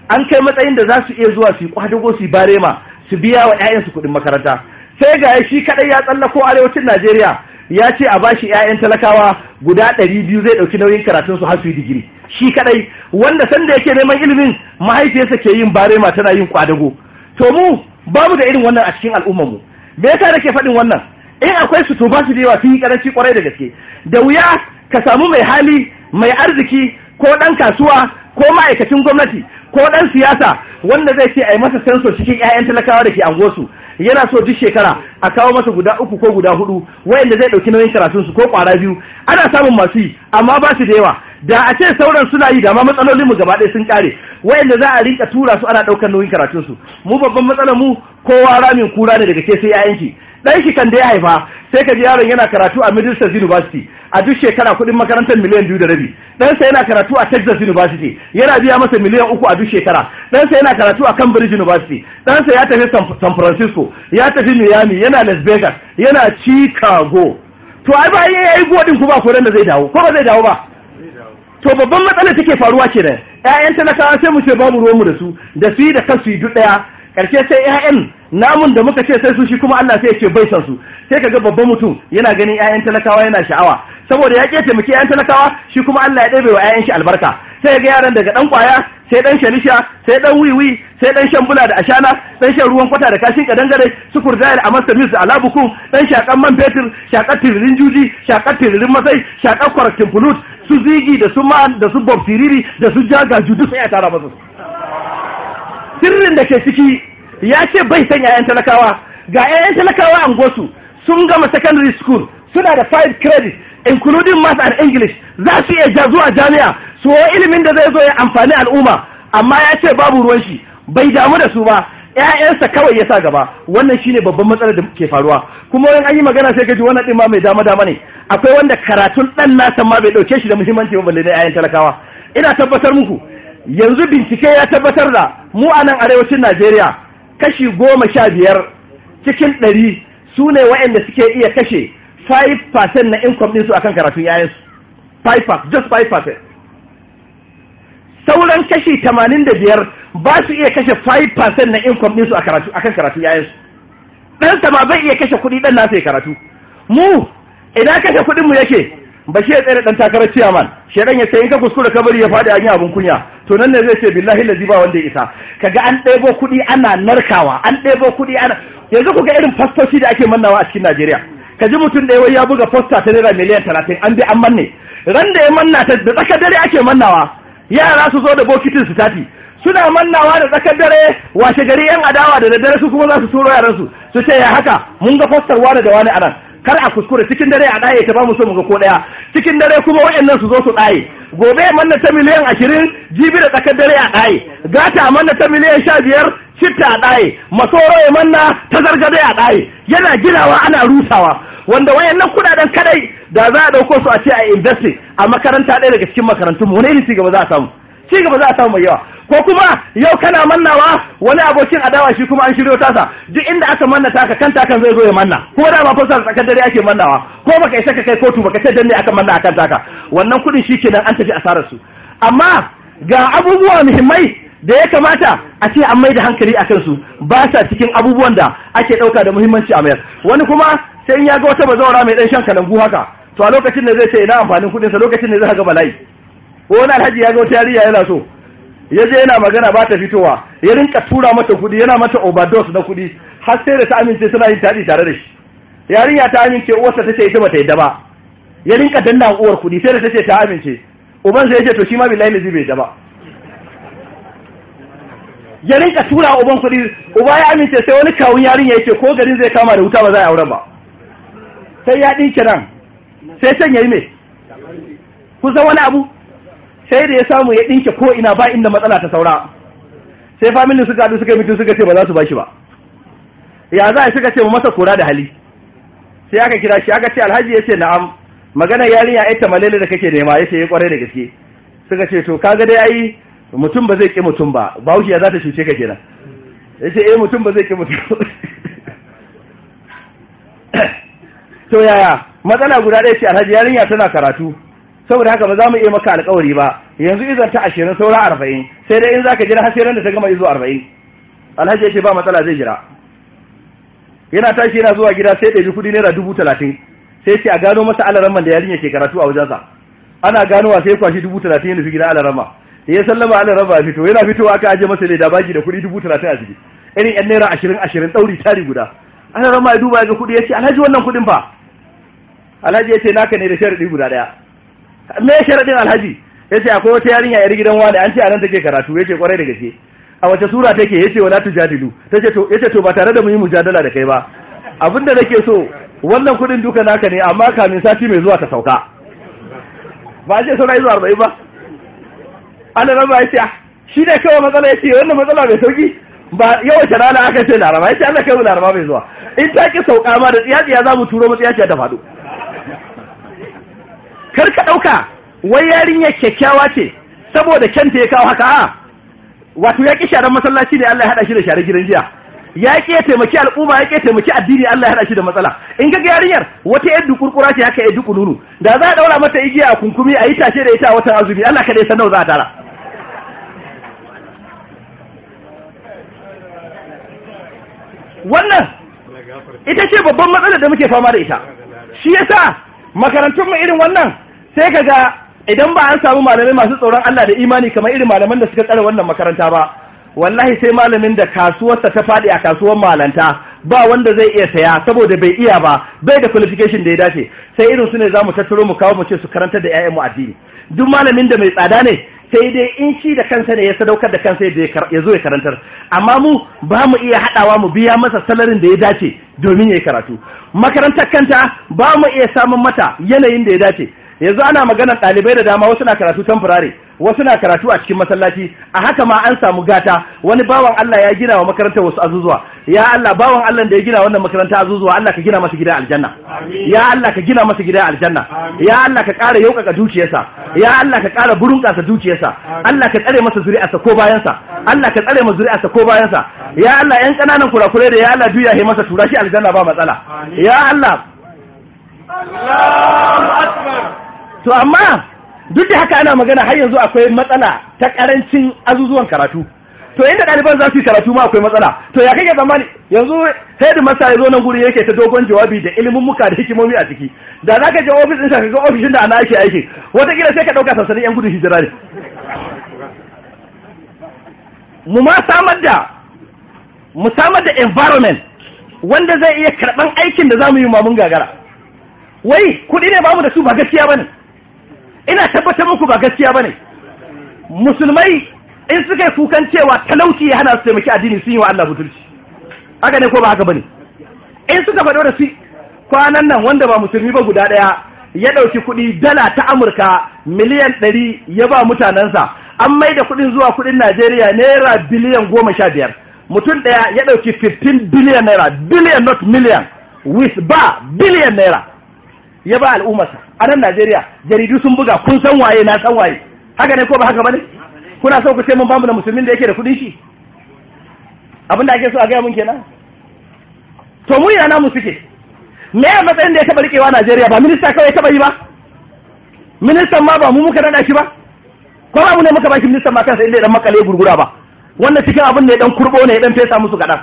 an kai matsayin da za su iya zuwa su yi kwadago su yi barema su biya wa 'ya'yansu kuɗin makaranta sai ga shi kaɗai ya tsallako arewacin Najeriya ya ce a bashi 'ya'yan talakawa guda ɗari biyu zai ɗauki nauyin karatun su har su yi digiri shi kaɗai, wanda sanda yake neman ilimin mahaifiyarsa ke yin barema tana yin kwadago to mu babu da irin wannan a cikin al'ummar mu me yasa nake faɗin wannan in akwai su to ba su da yawa sun yi karanci kwarai da gaske da wuya ka samu mai hali mai arziki ko ɗan kasuwa ko ma'aikacin gwamnati ko ɗan siyasa wanda zai ce a yi masa sensor cikin 'ya'yan talakawa da ke su. yana so duk shekara a kawo masa guda uku ko guda hudu wayanda zai dauki nauyin karatun su ko kwara biyu ana samun masu yi amma ba su da yawa da a ce sauran suna yi dama matsalolinmu gaba ɗaya sun ƙare, wayanda za a rinka tura su ana ɗaukar nauyin su mu babban matsalar mu kowa ramin kura ne daga ke sai yayanki ɗan shi kan da ya haifa sai ka ji yaron yana karatu a Middle States University a duk shekara kuɗin makarantar miliyan biyu da rabi sa yana karatu a Texas University yana biya masa miliyan uku a duk shekara sa yana karatu a Cambridge University sa ya tafi San Francisco ya tafi Miami yana Las Vegas yana Chicago to ai ba yayi godin ku ba ko da zai dawo ko ba zai dawo ba to babban matsalar take faruwa ce da ƴaƴan talakawa sai mu ce babu ruwanmu da su da su yi da kansu yi duk ɗaya ƙarshe sai ƴaƴan namun da muka ce sai su shi kuma Allah sai ya ce bai san su sai kaga babban mutum yana ganin ƴaƴan talakawa yana sha'awa saboda ya ke taimaki ƴaƴan talakawa shi kuma Allah ya ɗebe wa ƴaƴan shi albarka sai ga yaran daga dan kwaya sai dan shalisha sai dan wiwi sai dan shan bula da ashana dan shan ruwan kwata da kashin kadangare su kurjayar a masa mis alabuku dan shakan man fetur shakar tirin juji shakar tirin masai shakan kwaraktin bulut su zigi da su man da su bob da su jaga judu sai ya tara masa sirrin da ke ciki ya ce bai san yayan talakawa ga yayan talakawa an gosu sun gama secondary school suna da five credit including math and english za su iya ja zuwa jami'a su ilimin da zai zo ya amfani al'umma amma ya ce babu ruwan shi bai damu da su ba ƴaƴansa kawai ya sa gaba wannan shine babban matsalar da ke faruwa kuma wani an yi magana sai kaji wannan din ma mai dama dama ne akwai wanda karatun ɗan nasa ma bai ɗauke shi da muhimmanci ba balle da ƴaƴan talakawa ina tabbatar muku yanzu bincike ya tabbatar da mu a nan arewacin Najeriya kashi goma sha biyar cikin ɗari su ne waɗanda suke iya kashe 5% na income ɗinsu akan karatun yayansu 5% just 5% sauran kashi 85 ba su iya kashe 5% na income ɗinsu akan karatu yayansu ɗansa ma bai iya kashe kuɗi ɗan nasa ya karatu mu idan kashe kuɗinmu yake ba shi ya tsere dan takarar ciyaman shedan ya sai in ka kuskura kabari ya fadi an yi abun kunya to nan ne zai ce billahi lazi ba wanda ya isa kaga an ɗebo kuɗi ana narkawa an ɗebo kuɗi ana yanzu ku ga irin fastoci da ake mannawa a cikin Najeriya ka ji mutum ɗaya wai ya buga fosta ta naira miliyan talatin an bi an manne ran da ya manna ta da tsakar dare ake mannawa yara su zo da bokitin su tafi suna mannawa da tsakar dare washe gari yan adawa da daddare su kuma za su turo yaran su su ce ya haka mun ga fostar wani da wani anan kar a kuskure cikin dare a daye ta ba mu so mu ga ko ɗaya cikin dare kuma wayannan su zo su ɗaye gobe manna ta miliyan ashirin jibi da tsakar dare a ɗaye gata manna ta miliyan sha biyar citta a ɗaye masoro ya manna ta zargade a ɗaye yana ginawa ana rusawa wanda wayannan kudaden kadai da za a ɗauko su a ce a investi a makaranta daya daga cikin makarantun mu wani iri cigaba za a samu cigaba za a samu mai yawa ko kuma yau kana mannawa wani abokin adawa shi kuma an shiryo tasa duk inda aka manna taka kan takan zai zo ya manna kuma da ba fasa tsakar dare ake mannawa ko baka isa ka kai kotu baka ce danne aka manna akan taka wannan kudin kenan an tafi asarar su amma ga abubuwa muhimmai da ya kamata a ce an mai da hankali a kansu ba sa cikin abubuwan da ake ɗauka da muhimmanci a mayar wani kuma sai ya ga wata bazawara mai ɗan shan kalangu haka to a lokacin da zai ce ina amfanin kuɗinsa lokacin da zai ga bala'i ko wani alhaji ya ga wata yariya yana so ya je yana magana ba ta fitowa ya rinka tura mata kuɗi yana mata overdose na kuɗi har sai da ta amince suna yin taɗi tare da shi yarinya ta amince uwarsa ta ce ita bata yadda ba ya rinka danna uwar kuɗi sai da ta ce ta amince uban sai ya to shi ma billahi ne bai da ba ya rinka tura uban kuɗi uba ya amince sai wani kawun yarinya ya ce ko garin zai kama da wuta ba za a auren ba sai ya ɗinke nan sai can ya yi me kusa wani abu sai da ya samu ya ɗinke ko ina ba inda matsala ta saura sai familin suka haɗu suka mutu suka ce ba za su bashi ba ya za a suka ce mu masa kura da hali sai aka kira shi aka ce alhaji ya ce na'am magana yarinya ai ta malele da kake nema yace ya kware eh, da gaske suka ce to kaga dai ai mutum ba zai ki mutum ba bawushi ya za ta shuce ka kenan yace eh mutum ba zai ki mutum to yaya matsala guda ɗaya ce alhaji yarinya tana karatu saboda haka ba za mu iya maka alƙawari ba yanzu izar ta ashirin saura arba'in sai dai in za ka jira har sai da ta gama izo arba'in alhaji ya ce ba matsala zai jira yana tashi yana zuwa gida sai ɗabi kuɗi naira dubu talatin sai ce a gano masa alaramman da yarinya ke karatu a wajensa ana ganowa sai kwashi dubu talatin ya nufi gida alarama da ya sallama alarama a fito yana fitowa aka aje masa leda baki da kuɗi dubu talatin a ciki irin yan naira ashirin ashirin ɗauri tari guda alarama ya duba ya ga kuɗi ya ce alhaji wannan kuɗin fa alhaji ya ce naka ne da sharaɗi guda ɗaya me ya sharadin alhaji Ya yace akwai wata yarinya yar gidan wani an ce anan take karatu ya ce kwarai da gaske a wace sura take ce wala tujadilu jadilu ya ce to ba tare da mu yi mujadala da kai ba abinda nake so wannan kudin duka naka ne amma kamin sati mai zuwa ta sauka ba a ce yi zuwa arba'in ba ana ba ya ce ah, shi ne kawai matsala ya ce wannan matsala mai sauki ba yawace rana aka ce laraba ya ce ana kai laraba mai zuwa in ta ki sauka ma da tsiyatsiya za mu turo mu ta faɗo kar ka ɗauka wai yarinyar kyakkyawa ce saboda kyanta ya kawo haka a wato ya ƙi sharan masallaci ne Allah ya haɗa shi da sharar gidan jiya ya ƙi ya taimaki al'umma ya ƙi ya taimaki addini Allah ya haɗa shi da matsala in ka ga yarinyar wata yadda kurkura ce haka yadda kununu da za a ɗaura mata igiya a kunkumi a yi tashe da ita a watan azumi Allah ka dai san nawa za a tara wannan ita ce babban matsalar da muke fama da ita shi yasa makarantun mu irin wannan sai ka ga idan ba an samu malamai masu tsoron Allah da imani kamar irin malaman da suka tsare wannan makaranta ba wallahi sai malamin da kasuwarsa ta faɗi a kasuwar malanta ba wanda zai iya saya saboda bai iya ba bai da qualification da ya dace sai irin su ne zamu tattaro mu kawo mu ce su karanta da ƴaƴan mu addini duk malamin da mai tsada ne sai dai in shi da kansa ne ya sadaukar da kansa ya zo ya karantar amma mu ba mu iya haɗawa mu biya masa salarin da ya dace domin ya yi karatu makarantar kanta ba mu iya samun mata yanayin da ya dace yanzu ana maganar ɗalibai da dama wasu na karatu tamfurare wasu na karatu a cikin masallaci a haka ma an samu gata wani bawan Allah ya gina wa makarantar wasu azuzuwa ya Allah bawan Allah da ya gina wannan makaranta azuzuwa Allah ka gina masa gida aljanna ya Allah ka gina masa gida aljanna ya Allah ka ƙara yaukaka dukiyarsa ya Allah ka ƙara burunkasa dukiyarsa Allah ka tsare masa zuri'arsa ko bayansa Allah ka tsare masa zuri'arsa ko bayansa ya Allah yan kananan kurakurai da ya Allah duya he masa tura shi aljanna ba matsala ya Allah Allahu akbar to amma duk da haka ana magana har yanzu akwai matsala ta karancin azuzuwan karatu to inda ɗaliban za su yi karatu ma akwai matsala to ya kake zamani yanzu sai masa ya zo nan guri yake ta dogon jawabi da ilimin muka da hikimomi a ciki da za ka je ofis ɗin ka ga ofishin da ana aiki aiki wataƙila sai ka ɗauka sansanin yan gudun hijira ne mu ma samar da mu samar da environment wanda zai iya karɓan aikin da za mu yi mamun gagara wai kuɗi ne ba mu da su ba gaskiya ba ne ina tabbatar muku ba gaskiya bane musulmai in suka yi kukan cewa talauci ya hana su taimaki addini sun yi wa Allah butulci haka ne ko ba haka bane in suka faɗo da su kwanan nan wanda ba musulmi ba guda ɗaya ya ɗauki kuɗi dala ta amurka miliyan ɗari ya ba mutanensa an mai da kuɗin zuwa kuɗin najeriya naira biliyan goma sha biyar mutum ɗaya ya ɗauki 15 biliyan naira biliyan not miliyan with ba biliyan naira ya ba al'ummarsa a nan Najeriya jaridu sun buga kun san waye na san waye haka ne ko ba haka bane kuna so ku ce mun bamu da musulmin da yake da kudin shi abinda ake so a gaya mun kenan to mu yana mu suke me ya matsayin da ya taba rikewa Najeriya ba minista kawai ya taba yi ba ministan ma ba mu muka nada shi ba ko ba mu ne muka shi ministan ma kansa inda ya dan makale gurgura ba wannan cikin abin da ya dan kurbo ne ya dan fesa musu gada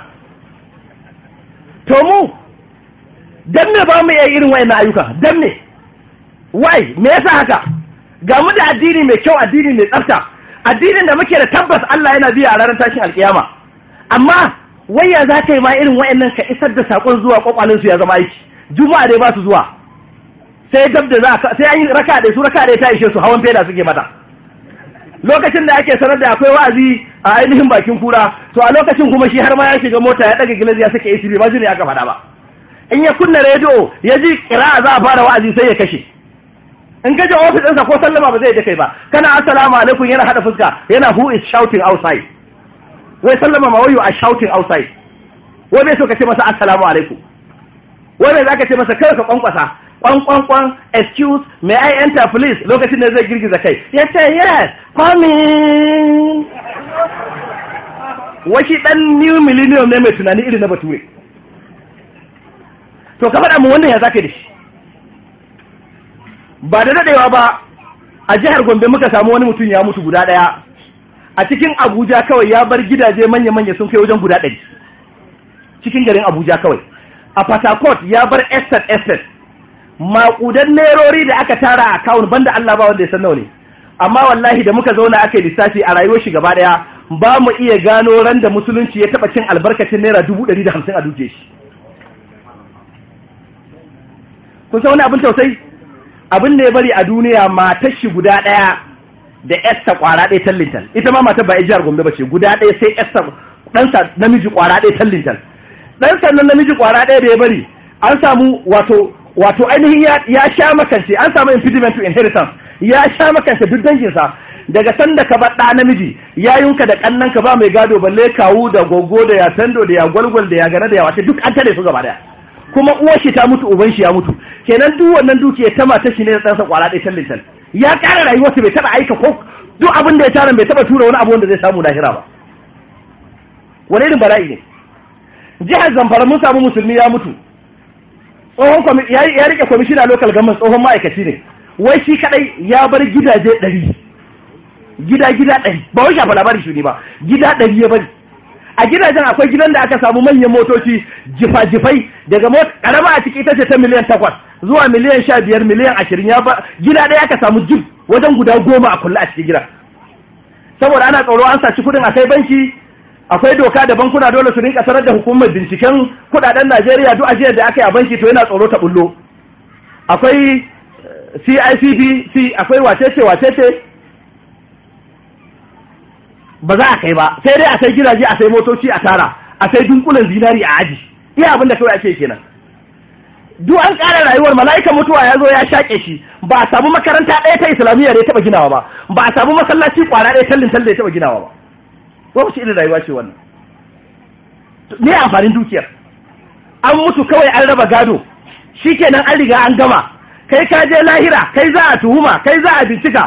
to mu dan me ba mu iya irin wayannan ayyuka dan me wai me yasa haka ga mu da addini mai kyau addini mai tsafta addinin da muke da tabbas Allah yana biya a ranar tashin alkiyama amma waya za ka yi ma irin wayannan ka isar da sakon zuwa kwakwalin su ya zama aiki juma'a dai ba su zuwa sai dab da za sai an yi raka da su raka da ta ishe su hawan feda suke mata lokacin da ake sanar da akwai wa'azi a ainihin bakin kura to a lokacin kuma shi har ma ya shiga mota ya ɗaga gilas ya sake ACB ba ne aka faɗa ba in ya kunna rediyo ya ji kira za a fara wa'azi sai ya kashe in ka ofis ɗinsa ko sallama ba zai da kai ba kana assalamu alaikum yana hada fuska yana who is shouting outside wai sallama ma wayo a shouting outside wai bai so ka ce masa assalamu alaikum wai bai zaka ce masa kai ka kwankwasa Ƙwanƙwanƙwan, excuse may I enter please lokacin da zai girgiza kai ya ce yes coming wai shi dan new millennium ne mai tunani irin na bature to ka faɗa mu wannan ya zaka da shi ba da daɗewa ba a jihar gombe muka samu wani mutum ya mutu guda ɗaya a cikin abuja kawai ya bar gidaje manya-manya sun kai wajen guda ɗari cikin garin abuja kawai a fatakot ya bar estet estet maƙudan nerori da aka tara a kawun banda allah ba wanda ya san nawa ne amma wallahi da muka zauna aka yi lissafi a rayuwar shi gaba ɗaya ba mu iya gano ran da musulunci ya taɓa cin albarkacin naira dubu ɗari da hamsin a duke shi kun sai wani abin tausayi abin da ya bari a duniya matar shi guda ɗaya da esta kwara ɗaya tallintal ita ma matar ba a jihar gombe ba ce guda ɗaya sai esta ɗansa namiji kwara ɗaya tallintal ɗan sannan namiji kwara ɗaya da ya bari an samu wato wato ainihin ya sha makance an samu impediment to inheritance ya sha makance duk danginsa daga sanda ka bar ɗa namiji yunka da ka ba mai gado balle kawu da gogo da ya sando da ya gwalgwal da ya gana da ya wace duk an tare su gaba daya kuma uwar shi ta mutu uban shi ya mutu kenan duk wannan dukiyar ta mata shi ne da ɗansa kwara ɗaya tallintan ya ƙara rayuwarsa bai taɓa aika ko duk abin da ya tara bai taɓa tura wani abu wanda zai samu lahira ba wani irin bala'i ne jihar zamfara mun samu musulmi ya mutu tsohon ya rike kwamishina local government tsohon ma'aikaci ne wai shi kadai ya bar gidaje ɗari gida gida ɗari ba wai shafa labarin shi ne ba gida ɗari ya bari a gidajen akwai gidan da aka samu manyan motoci jifa-jifai daga mota karama a ciki ita ce ta miliyan takwas zuwa miliyan sha biyar miliyan ashirin ya ba gida ɗaya aka samu jif wajen guda goma a kulle a cikin gida saboda ana tsoro an saci kuɗin akai banki akwai doka da bankuna dole su rinka sanar da hukumar binciken kuɗaɗen najeriya duk ajiyar da aka yi a banki to yana tsoro ta bullo akwai cicbc eh, akwai wacece wacece ba za a kai ba sai dai a sai gidaje a sai motoci a tara a sai dunkulen zinari a aji iya abin da kawai ake kenan duk an ƙara rayuwar mala'ikan mutuwa ya zo ya shaƙe shi ba a samu makaranta ɗaya ta islamiyya da ya taɓa ginawa ba ba a samu masallaci ƙwara ɗaya tallin tallin da ya taɓa ginawa ba shi irin rayuwa ce wannan me amfanin dukiyar an mutu kawai an raba gado shikenan an riga an gama kai ka je lahira kai za a tuhuma kai za a bincika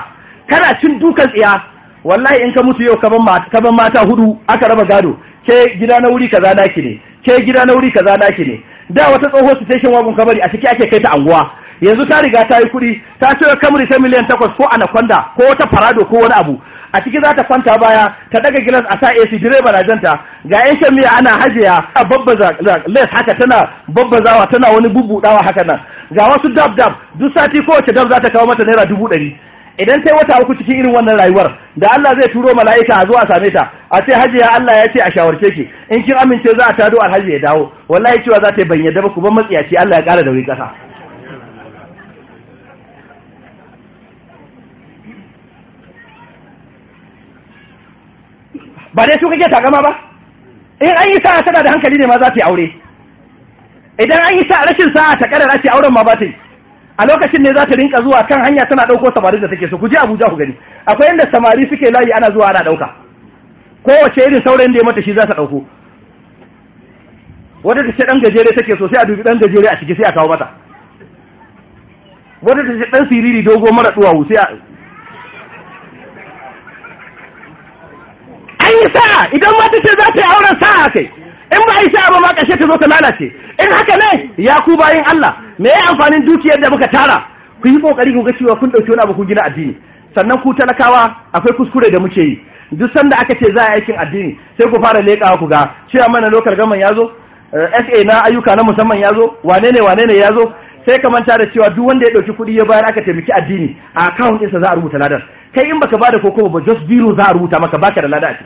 kana cin dukan tsiya wallahi in ka mutu yau ka ban mata hudu aka raba gado ke gida na wuri kaza ki ne ke gida na wuri kaza ki ne da wata tsoho station wagon kabari a ciki ake kai ta anguwa yanzu ta riga ta yi kuɗi ta ce kamar ta miliyan takwas ko anaconda ko wata farado ko wani abu a ciki za ta kwanta baya ta daga gilas a sa AC direba na janta ga yan shan miya ana hajiya a babbaza les haka tana babbazawa tana wani bubuɗawa haka nan ga wasu dab dab duk sati kowace dab za ta kawo mata naira dubu ɗari idan sai wata uku cikin irin wannan rayuwar da Allah zai turo mala'ika a zuwa same ta a ce hajiya Allah ya ce a shawarce ki in kin amince za a tado alhaji ya dawo wallahi cewa za ta yi yadda ba ku ban matsiyaci Allah ya ƙara da wuri ƙasa ba dai su kake takama ba in an yi sa'a tana da hankali ne ma za ta yi aure idan an yi sa'a rashin sa'a ta ƙara rashin auren ma ba ta yi a lokacin ne za ta rinka zuwa kan hanya tana ɗauko samari da take so ku je Abuja ku gani akwai inda samari suke layi ana zuwa ana ɗauka kowace irin saurayin da ya mata shi za ta ɗauko wata ta ce ɗan gajere take so sai a dubi ɗan gajere a ciki sai a kawo mata wata ta ce ɗan siriri dogo mara duwawu sai a an yi sa'a idan mata ce za ta yi auren sa'a kai in ba a yi sa'a ba ma ƙashe ta zo ta lalace in haka ne ya ku bayin Allah me ya amfanin dukiyar da muka tara ku yi kokari ku ga cewa kun dauki wani abu ku gina addini sannan ku talakawa akwai kuskure da muke yi duk sanda aka ce za a aikin addini sai ku fara leƙawa ku ga cewa mana lokal gaman ya eh, SA na ayyuka na musamman ya zo wane ne wane ne ya zo sai ka manta da cewa duk wanda ya dauki kuɗi ya bayar aka taimaki addini a account ɗinsa za a rubuta ladar kai in baka bada ko ba just zero za a rubuta maka baka da lada a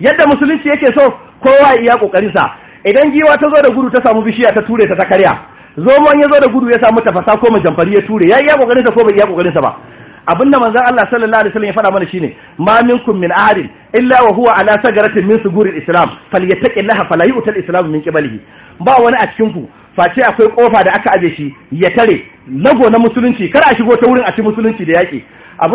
yadda musulunci yake so kowa iya kokarin sa idan giwa ta zo da gudu ta samu bishiya ta ture ta ta karya zomon ya zo da gudu ya samu tafasa ko majamfari ya ture ya iya kokarin sa ko bai iya kokarin sa ba da manzon Allah sallallahu alaihi wasallam ya faɗa mana shine ma minkum min ahadin illa wa huwa ala sagaratin min suguril islam falyattaqillaha fala utal islam min qiblihi ba wani a cikin ku face akwai kofa da aka aje shi ya tare lago na musulunci kar a shigo ta wurin a ci musulunci da yaki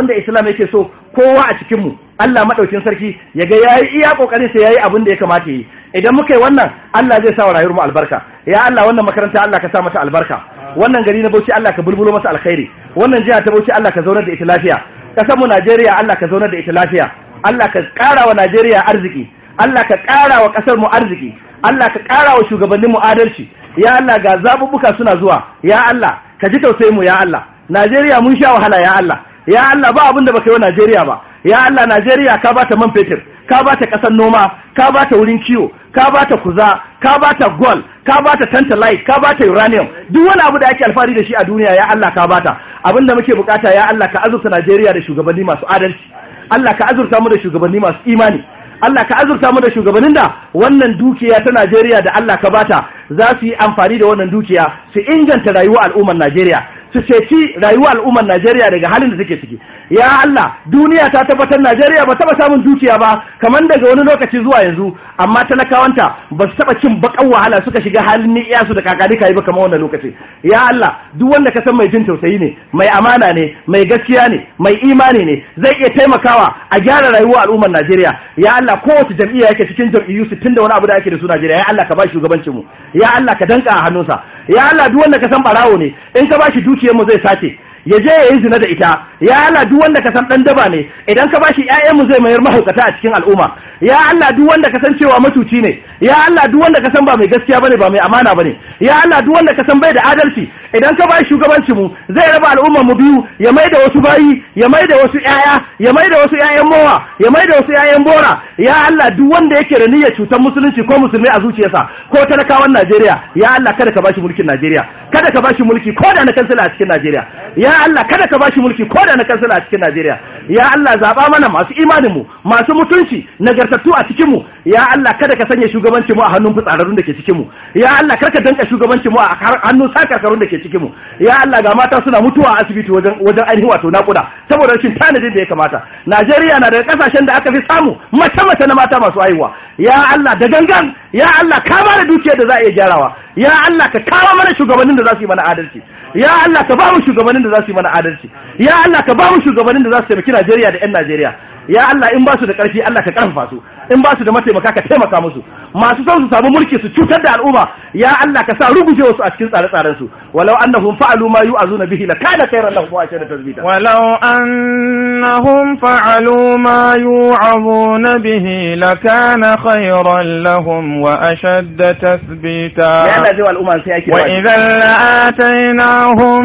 da islam yake so kowa a cikin mu Allah madaukin sarki ya ga yayi iya kokarin sa yayi abin da ya kamata yi idan muka yi wannan Allah zai sa wa rayuwar mu albarka ya Allah wannan makaranta Allah ka sa mata albarka wannan gari na Bauchi Allah ka bulbulo masa alkhairi wannan jiha ta Bauchi Allah ka zaunar da ita lafiya kasar mu Najeriya Allah ka zaunar da ita lafiya Allah ka ƙara wa Najeriya arziki Allah ka ƙara wa ƙasar mu arziki Allah ka ƙara wa shugabannin mu adalci ya Allah ga zabubbuka suna zuwa ya Allah ka ji tausayin mu ya Allah Najeriya mun sha wahala ya Allah ya Allah ba abin da baka yi wa Najeriya ba ya Allah Najeriya ka ta man fetur ka ba ta ƙasar noma ka ba ta wurin kiwo ka ba ta kuza ka ba ta gold ka ba ta tantalite ka ba ta uranium duk wani abu da ake alfahari da shi a duniya ya Allah ka ba abin da muke bukata ya Allah ka azurta Najeriya da shugabanni masu adalci Allah ka azurta mu da shugabanni masu imani Allah ka azurta mu da shugabannin da wannan dukiya ta Najeriya da Allah ka bata za su yi amfani da wannan dukiya su inganta rayuwar al'ummar Najeriya su ceci rayuwar al'ummar Najeriya daga halin da suke ciki ya Allah duniya ta tabbatar Najeriya ba taba samun dukiya ba kamar daga wani lokaci zuwa yanzu amma talakawanta ba su taba cin bakan wahala suka shiga halin ni iyasu da kakani kai ba kamar wannan lokaci ya Allah duk wanda ka san mai jin tausayi ne mai amana ne mai gaskiya ne mai imani ne zai iya taimakawa a gyara rayuwar al'ummar Najeriya ya Allah kowace jam'iyya yake cikin jam'iyyu 60 da wani abu da ake da su Najeriya ya Allah ka ba shi shugabancin mu ya Allah ka danka a hannunsa ya Allah duk wanda ka san barawo ne in ka ba shi dukiyar mu zai sace ya je ya yi zina da ita ya Allah duk wanda ka san dan daba ne idan ka bashi ƴaƴan mu zai mayar mahaukata a cikin al'umma ya Allah duk wanda ka san cewa matuci ne ya Allah duk wanda ka san ba mai gaskiya bane ba mai amana bane ya Allah duk wanda ka san bai da adalci idan ka bashi shugabanci mu zai raba al'umma mu biyu ya mai da wasu bayi ya mai da wasu ƴaƴa ya mai da wasu ƴaƴan mowa ya mai da wasu ƴaƴan bora ya Allah duk wanda yake da niyyar cutar musulunci ko musulmai a zuciyarsa ko talakawan Najeriya ya Allah kada ka bashi mulkin Najeriya kada ka bashi mulki ko da na kansila a cikin Najeriya ya ya Allah kada ka bashi mulki ko da na kansila a cikin Najeriya ya Allah zaba mana masu imanin mu masu mutunci nagartattu a cikin mu ya Allah kada ka sanya shugabanci mu a hannun fitsararrun da ke cikin mu ya Allah kar ka danka shugabanci mu a hannun sakarkarun da ke cikin mu ya Allah ga mata suna mutuwa a asibiti wajen wajen ainihin wato nakuda saboda rashin tanadin da ya kamata Najeriya na daga kasashen da aka fi samu mace mace na mata masu haihuwa ya Allah da gangan ya Allah ka bada dukiyar da za a iya gyarawa ya Allah ka kawo mana shugabannin da za su yi mana adalci ya Allah ka ba mu shugabannin da za su yi mana adalci ya Allah ka ba mu shugabannin da za su taimaki Najeriya da 'yan Najeriya ya Allah in ba su da ƙarfi Allah ka ƙarfafa su in ba su da mataimaka ka taimaka musu masu son su samu mulki su cutar da al'umma ya Allah ka sa ruguje wasu a cikin tsare-tsaren su walau annahum fa'alu ma yu'azuna bihi la kana khayran lahum wa ashadda tazbita walau annahum fa'alu ma yu'azuna bihi la kana khayran lahum wa ashadda tasbita ya Allah ji al'umma sai yake wa idan la'atainahum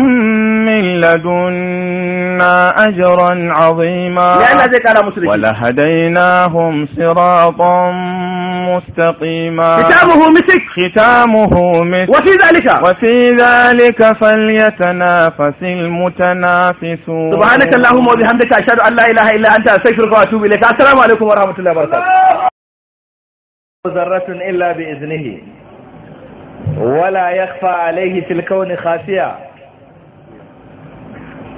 min ladunna ajran azima ya Allah zai kara المشركين ولهديناهم صراطا مستقيما ختامه مسك ختامه مسك وفي ذلك وفي ذلك فليتنافس المتنافسون سبحانك اللهم وبحمدك أشهد أن لا إله إلا أنت أستغفرك وأتوب إليك السلام عليكم ورحمة الله وبركاته ذرة إلا بإذنه ولا يخفى عليه في الكون خافية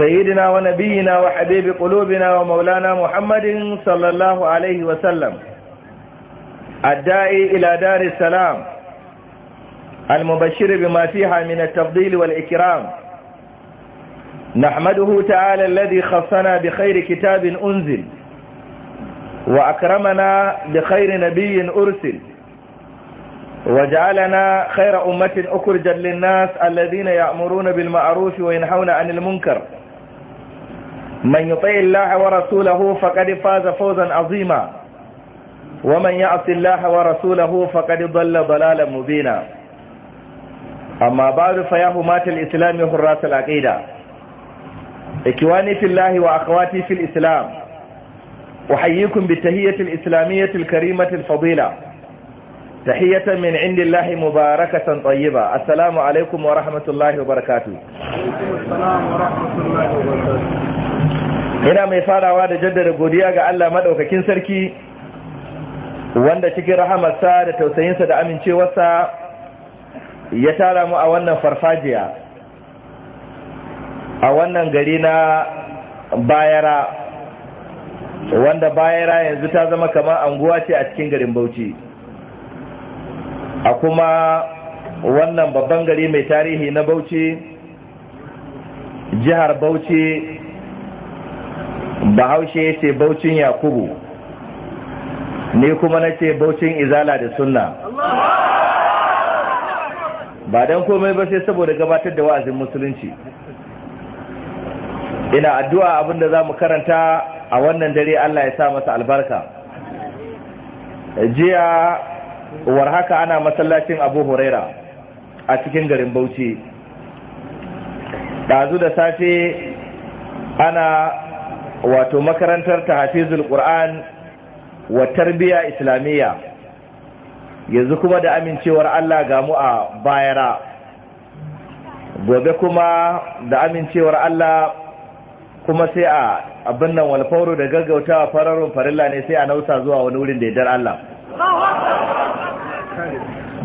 سيدنا ونبينا وحبيب قلوبنا ومولانا محمد صلى الله عليه وسلم الداعي إلى دار السلام المبشر بما فيها من التفضيل والإكرام نحمده تعالى الذي خصنا بخير كتاب أنزل وأكرمنا بخير نبي أرسل وجعلنا خير أمة أخرجت للناس الذين يأمرون بالمعروف وينهون عن المنكر من يطع الله ورسوله فقد فاز فوزا عظيما ومن يعص الله ورسوله فقد ضل ضلالا مبينا أما بعد فيا همات الإسلام حراس العقيدة إخواني في الله وأخواتي في الإسلام أحييكم بالتهية الإسلامية الكريمة الفضيلة تحية من عند الله مباركة طيبة السلام عليكم ورحمة الله وبركاته السلام ورحمة الله وبركاته ina mai farawa da jaddada godiya ga Allah madaukakin sarki wanda cikin rahamarsa da tausayinsa da amincewarsa ya tara mu a wannan farfajiya a wannan gari na bayara wanda bayara yanzu ta zama kamar anguwa ce a cikin garin Bauchi a kuma wannan babban gari mai tarihi na bauchi jihar bauchi bahaushe ya ce baucin yakubu ni kuma na ce baucin izala da sunna ba don komai ba sai saboda gabatar da wa'azin musulunci ina addu'a abinda za mu karanta a wannan dare allah ya sa masa albarka jiya war haka ana masallacin abu huraira a cikin garin bauchi ɗazu da safe ana wato makarantar ta hafizul qur'an wa tarbiya islamiyya yanzu kuma da amincewar allah ga mu a bayara gobe kuma da amincewar allah kuma sai a abin nan walfauru da gaggautawa fararun farilla ne sai a nausa zuwa wani wurin da ya dar allah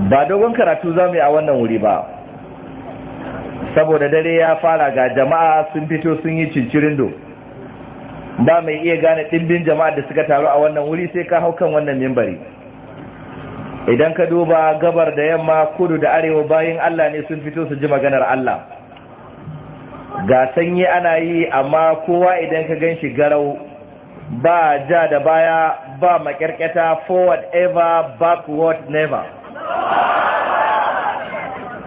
ba dogon karatu za mu yi a wannan wuri ba saboda dare ya fara ga jama'a sun fito sun yi cincirindo ba mai iya gane ɗimbin jama'a da suka taru a wannan wuri sai ka hau kan wannan mimbari idan ka duba gabar da yamma kudu da arewa bayan allah ne sun fito su ji maganar allah ga sanyi ana yi amma kowa idan ka gan shi garau ba ja da baya ba makyarkyata forward ever backward never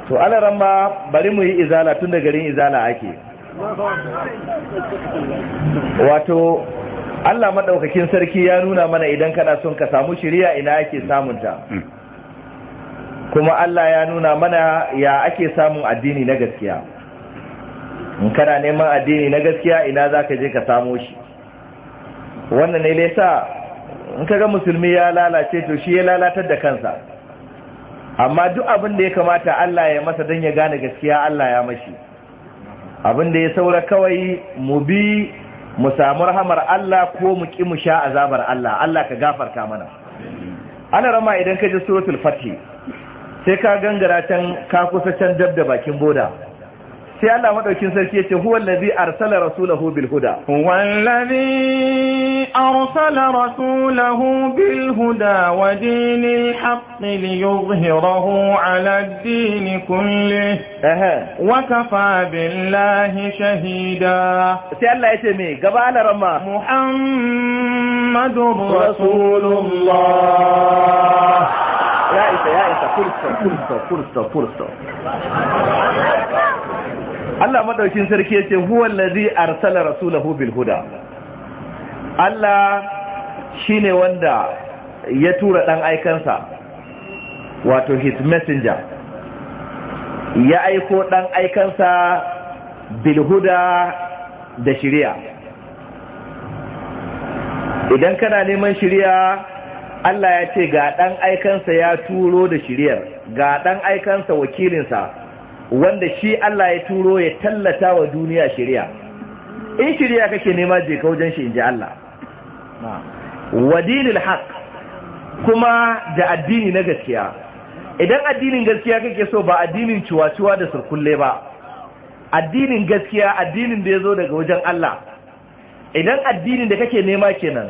to alaran ba bari mu yi izala tun da garin izala ake wato Allah maɗaukakin sarki ya nuna mana idan kana son ka samu shiriya ina ake samunta hmm. kuma Allah ya nuna mana ya ake samun addini na gaskiya in kana neman addini na gaskiya ina za ka je ka samo shi wannan ne sa in kaga musulmi ya lalace to shi ya lalatar da kansa amma duk abin da ya kamata Allah ya masa don ya gane gaskiya Allah ya mashi abin da ya saura kawai mu bi mu samu rahamar Allah ko mu ki mu sha azabar Allah Allah ka gafarta mana ana rama idan ka ji suratul fatih sai ka gangara can ka kusa can dab da bakin boda sai Allah madaukin sarki yace huwa allazi arsala rasulahu bil huda huwa allazi arsala rasulahu bil huda wa dinil haqq li yuzhirahu ala ad-din kulli aha wa kafa billahi shahida sai Allah yace me gaba alarama muhammadur rasulullah ya isa ya isa fursa fursa fursa fursa Allah madaukin sarki yace huwal ladhi arsala rasulahu bil huda Allah shine wanda ya tura dan aikansa wato his messenger ya aiko dan aikansa bil huda da shiriya idan kana neman shiriya Allah ya ce ga dan aikansa ya turo da shiriyar ga dan aikansa wakilinsa wanda shi Allah ya turo ya tallata wa duniya shirya in shirya kake nema je ka wajen shi inji Allah wa dinil haq kuma da addini na gaskiya idan addinin gaskiya kake so ba addinin cuwa-cuwa da surkulle ba addinin gaskiya addinin da ya zo daga wajen Allah idan addinin da kake nema kenan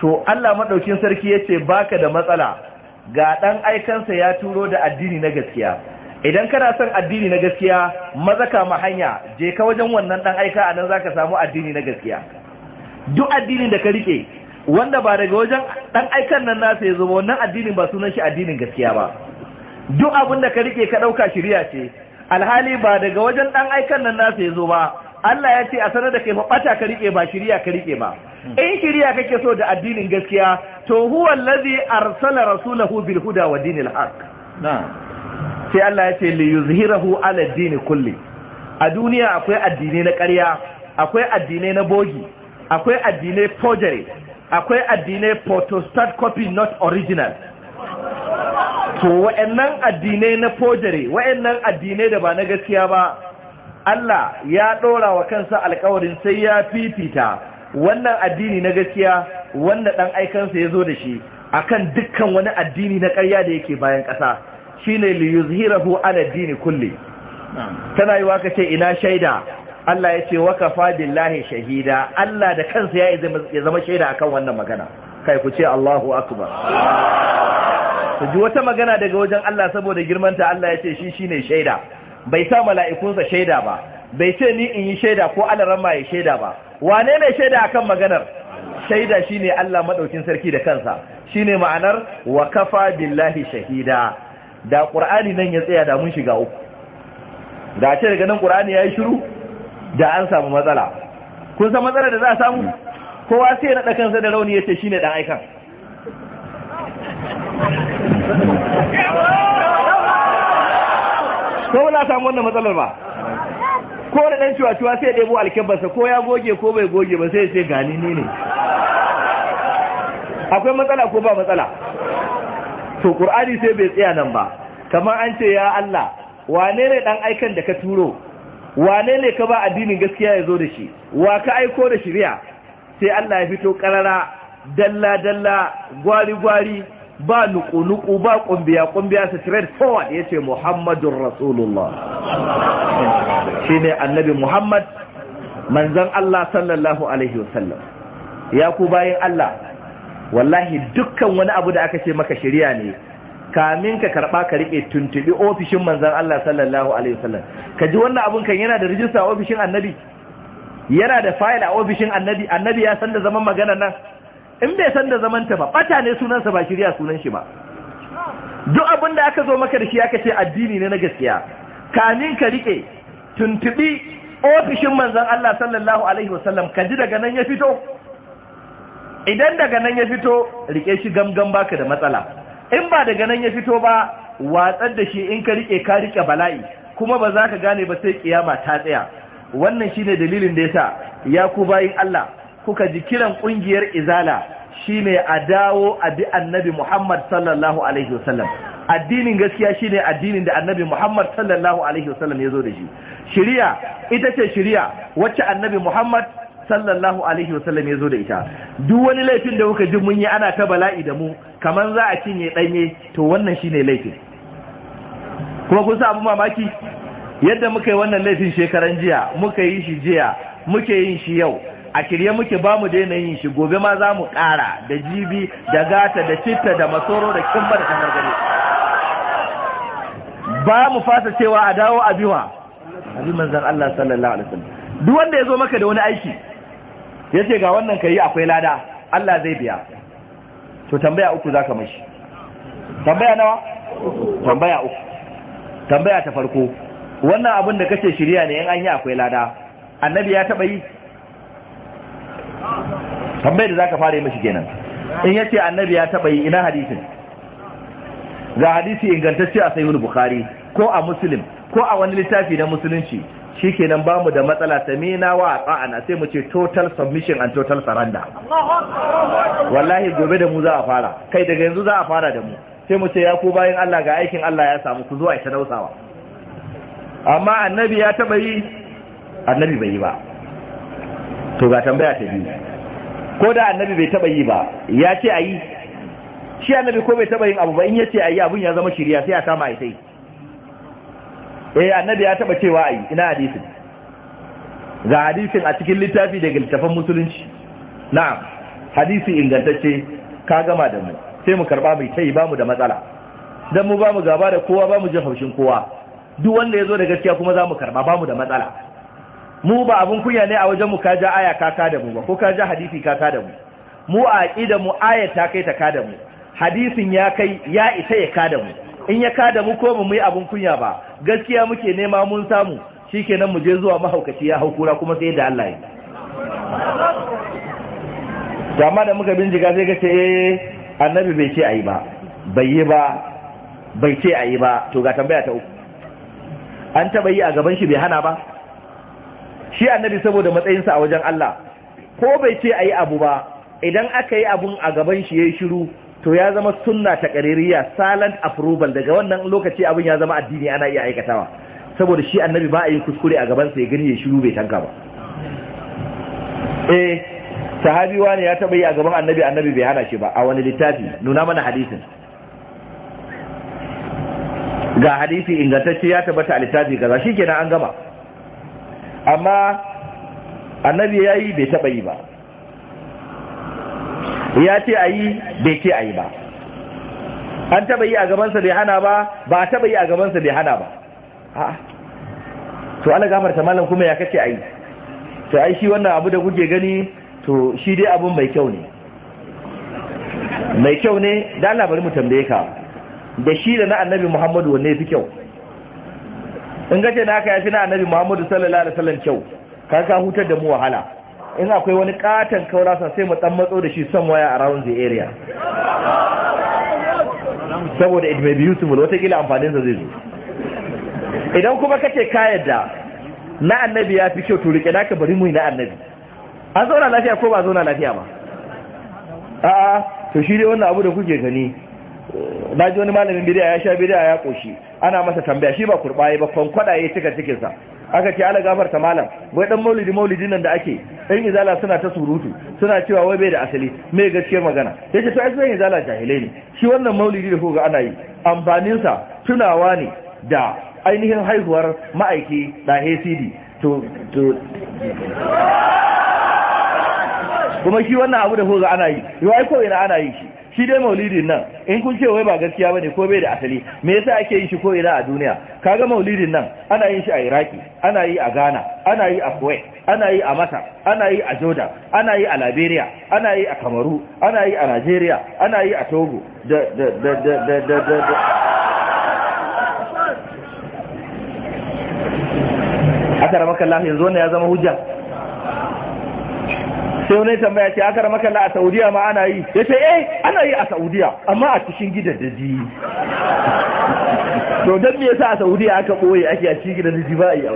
to Allah maɗaukin sarki ya ce baka da matsala ga ɗan aikansa ya turo da addini na gaskiya idan kana son addini na gaskiya maza kama hanya je ka wajen wannan dan aika a nan zaka samu addini na gaskiya duk addinin da ka rike wanda ba daga wajen dan aikan nan nasa ya zuba wannan addinin ba sunan shi addinin gaskiya ba duk abin da ka rike ka dauka shiriya ce alhali ba daga wajen dan aikan nan nasa ya zo ba Allah ya ce a sanar da kai ba bata ka rike ba shiriya ka rike ba in shiriya kake so da addinin gaskiya to huwa allazi arsala rasulahu bil huda wa dinil haq na'am sai Allah ya ce li yuzhirahu ala dini kulli a duniya akwai addinai na ƙarya akwai addinai na bogi akwai addinai forgery akwai addinai photostat copy not original to wa'annan addinai na forgery wa'annan addinai da ba na gaskiya ba Allah ya ɗora wa kansa alkawarin sai ya fifita wannan addini na gaskiya wanda ɗan aikansa ya zo da shi akan dukkan wani addini na ƙarya da yake bayan ƙasa shine li yuzhirahu ala dini kulli tana yi waka ce ina shaida Allah ya ce wa billahi shahida Allah da kansa ya ya zama shaida akan wannan magana kai ku ce Allahu akbar to ji wata magana daga wajen Allah saboda girmanta Allah ya ce shi shine shaida bai sa mala'ikunsa shaida ba bai ce ni in yi shaida ko alarama ya shaida ba wane ne shaida akan maganar shaida shine Allah madaukin sarki da kansa shine ma'anar wa kafa billahi shahida da qur'ani nan ya tsaya da mun shiga uku da ce daga nan qur'ani yayi shiru da an samu matsala kun san matsalar da za a samu kowa sai ya naɗa kansa da rauni ya ce shine dan aikan ko ba za samu wannan matsalar ba ko da dan ciwa-ciwa sai ya ɗebo alkebarsa ko ya goge ko bai goge ba sai ya ce gani ne ne akwai matsala ko ba matsala to qur'ani sai bai tsaya nan ba kamar an ce ya Allah wane ne dan aikan da ka turo wane ne ka ba addinin gaskiya ya zo da shi wa ka aiko da shari'a sai Allah ya fito ƙarara dalla dalla gwari gwari ba nuku nuku ba kumbiya kumbiya su straight forward yace Muhammadur Rasulullah shine annabi Muhammad manzon Allah sallallahu alaihi wasallam ya ku bayin Allah wallahi dukkan wani abu da aka ce maka shari'a ne kamin ka karba ka rike tuntubi ofishin manzon Allah sallallahu alaihi wasallam ka ji wannan abun kan yana da rijista ofishin annabi yana da fayil a ofishin annabi annabi ya san da zaman magana nan in bai san da zaman ta ba bata ne sunansa ba shirya sunan shi ba duk abin da aka zo maka da shi aka ce addini ne na gaskiya kamin ka rike tuntubi ofishin manzon Allah sallallahu alaihi wasallam ka ji daga nan ya fito idan daga nan ya fito rike shi gamgam baka da matsala in ba daga nan ya fito ba watsar da shi in ka rike ka rike bala'i kuma ba za ka gane ba sai kiyama ta tsaya wannan shine dalilin da yasa ya ku bayin Allah kuka ji kiran kungiyar izala shine a dawo a bi annabi Muhammad sallallahu alaihi wasallam addinin gaskiya shine addinin da annabi Muhammad sallallahu alaihi wasallam ya zo da shi shiriya ita ce shiriya wacce annabi Muhammad sallallahu alaihi wasallam ya zo da ita duk wani laifin da muka ji mun yi ana ta bala'i da mu kamar za a cinye danye to wannan shine laifin kuma kun sa abu mamaki yadda muka yi wannan laifin shekaran jiya muka yi shi jiya muke yin shi yau a kirye muke ba mu daina yin shi gobe ma za mu ƙara da jibi da gata da citta da masoro da kimba da gari ba mu fasa cewa a dawo abiwa abin manzan Allah sallallahu alaihi wasallam duk wanda ya zo maka da wani aiki ya ce ga wannan ka yi akwai lada Allah zai biya to tambaya uku za ka mashi tambaya nawa tambaya uku tambaya ta farko wannan abin da kace shirya ne in an yi akwai lada annabi ya taba yi tambaya da za ka fara yi mashi kenan in yace annabi ya taba yi ina hadisin ga hadisi ingantacce a wani bukari ko a muslim ko a wani littafi na musulunci shikenan ba mu da matsala ta mina wa ata'ana sai mu ce total submission and total surrender wallahi gobe da mu za a fara kai daga yanzu za a fara da mu sai mu ce ya ku bayan Allah ga aikin Allah ya samu ku zo a ta nausawa amma annabi ya taba yi annabi bai yi ba to ga tambaya ta biyu ko da annabi bai taba yi ba ya ce a yi shi annabi ko bai taba yin abu ba in ya ce a yi abun ya zama shirya sai a kama a yi sai eh annabi ya taba cewa ayi ina hadisin ga hadisin a cikin littafi daga gilkafan musulunci na'am hadisi ingantacce ka gama da mu sai mu karba mai tayi mu da matsala dan mu ba mu gaba da kowa ba mu ji haushin kowa duk wanda ya zo da gaskiya kuma za mu karba mu da matsala mu ba abun kunya ne a wajen mu ka ja aya ka ka da mu ba ko ka ja hadisi ka ka da mu mu a aqida mu aya ta kai ta ka da mu hadisin ya kai ya isa ya ka da mu in ya kada mu ko mu mu yi abun kunya ba gaskiya muke nema mun samu shikenan mu je zuwa mahaukaci ya hau kura kuma sai da Allah ya to amma da muka bincika sai ka ce eh annabi bai ce ayi ba bai yi ba bai ce ayi ba to ga tambaya ta uku an taba yi a gaban shi bai hana ba shi annabi saboda matsayinsa a wajen Allah ko bai ce ayi abu ba idan aka yi abun a gaban shi yayi shiru to ya zama sunna ta kaririya silent approval daga wannan lokaci abin ya zama addini ana iya aikatawa saboda shi annabi ba a yi kuskure a gaban sai ya gani ya shiru bai tanka ba eh sahabi wani ya taba yi a gaban annabi annabi bai hana shi ba a wani littafi nuna mana hadisin ga hadisi ingantacce ya tabbata a littafi kaza shikenan an gama amma annabi ya yi bai taba yi ba ya ce a yi bai ce a yi ba an taba yi a gabansa bai hana ba ba a taba yi a gabansa bai hana ba to ana gafarta tamalan kuma ya kace a yi to ai shi wannan abu da kuke gani to shi dai abun mai kyau ne mai kyau ne da Allah bari mu tambaye ka da shi da na annabi Muhammadu wanne fi kyau in gace na aka yafi na annabi Muhammadu sallallahu alaihi wasallam kyau ka ka hutar da mu wahala in akwai wani katon kaurasa sai mu dan matso da shi waya around the area saboda it may be useful watakila amfanin sa zai zo idan kuma kace ka yadda na annabi ya fi kyau to rike naka bari mu na annabi an zauna lafiya ko ba zauna lafiya ba a'a to shi dai wannan abu da kuke gani na ji wani malamin bidiya ya sha bidiya ya koshi ana masa tambaya shi ba kurbaye ba kwankwada ya cika cikinsa aka ce ala gafarta malam wai dan maulidi maulidi nan da ake dan izala suna ta surutu suna cewa wai bai da asali mai gaskiyar magana ce to ai sai izala jahilai ne shi wannan maulidi da kuka ana yi amfanin sa tunawa ne da ainihin haihuwar ma'aiki da hcd to to kuma shi wannan abu da kuka ana yi yau ai ko ina ana yi shi shi dai maulidin nan in kun ce wai ba gaskiya bane ko bai da asali me yasa ake yin shi ko ina a duniya kaga maulidin nan ana yin shi a Iraki ana yi a Ghana ana yi a Kuwait ana yi a Masar ana yi a Jordan ana yi a Liberia ana yi a Kamaru ana yi a Nigeria ana yi a Togo da da da da da da da. ramaka yanzu wannan ya zama hujja sai wani tambaya ce aka ramaka la a Saudiya ma ana yi ya ce eh ana yi a Saudiya amma a cikin ji to dan me yasa a Saudiya aka boye ake a cikin ji ba a yi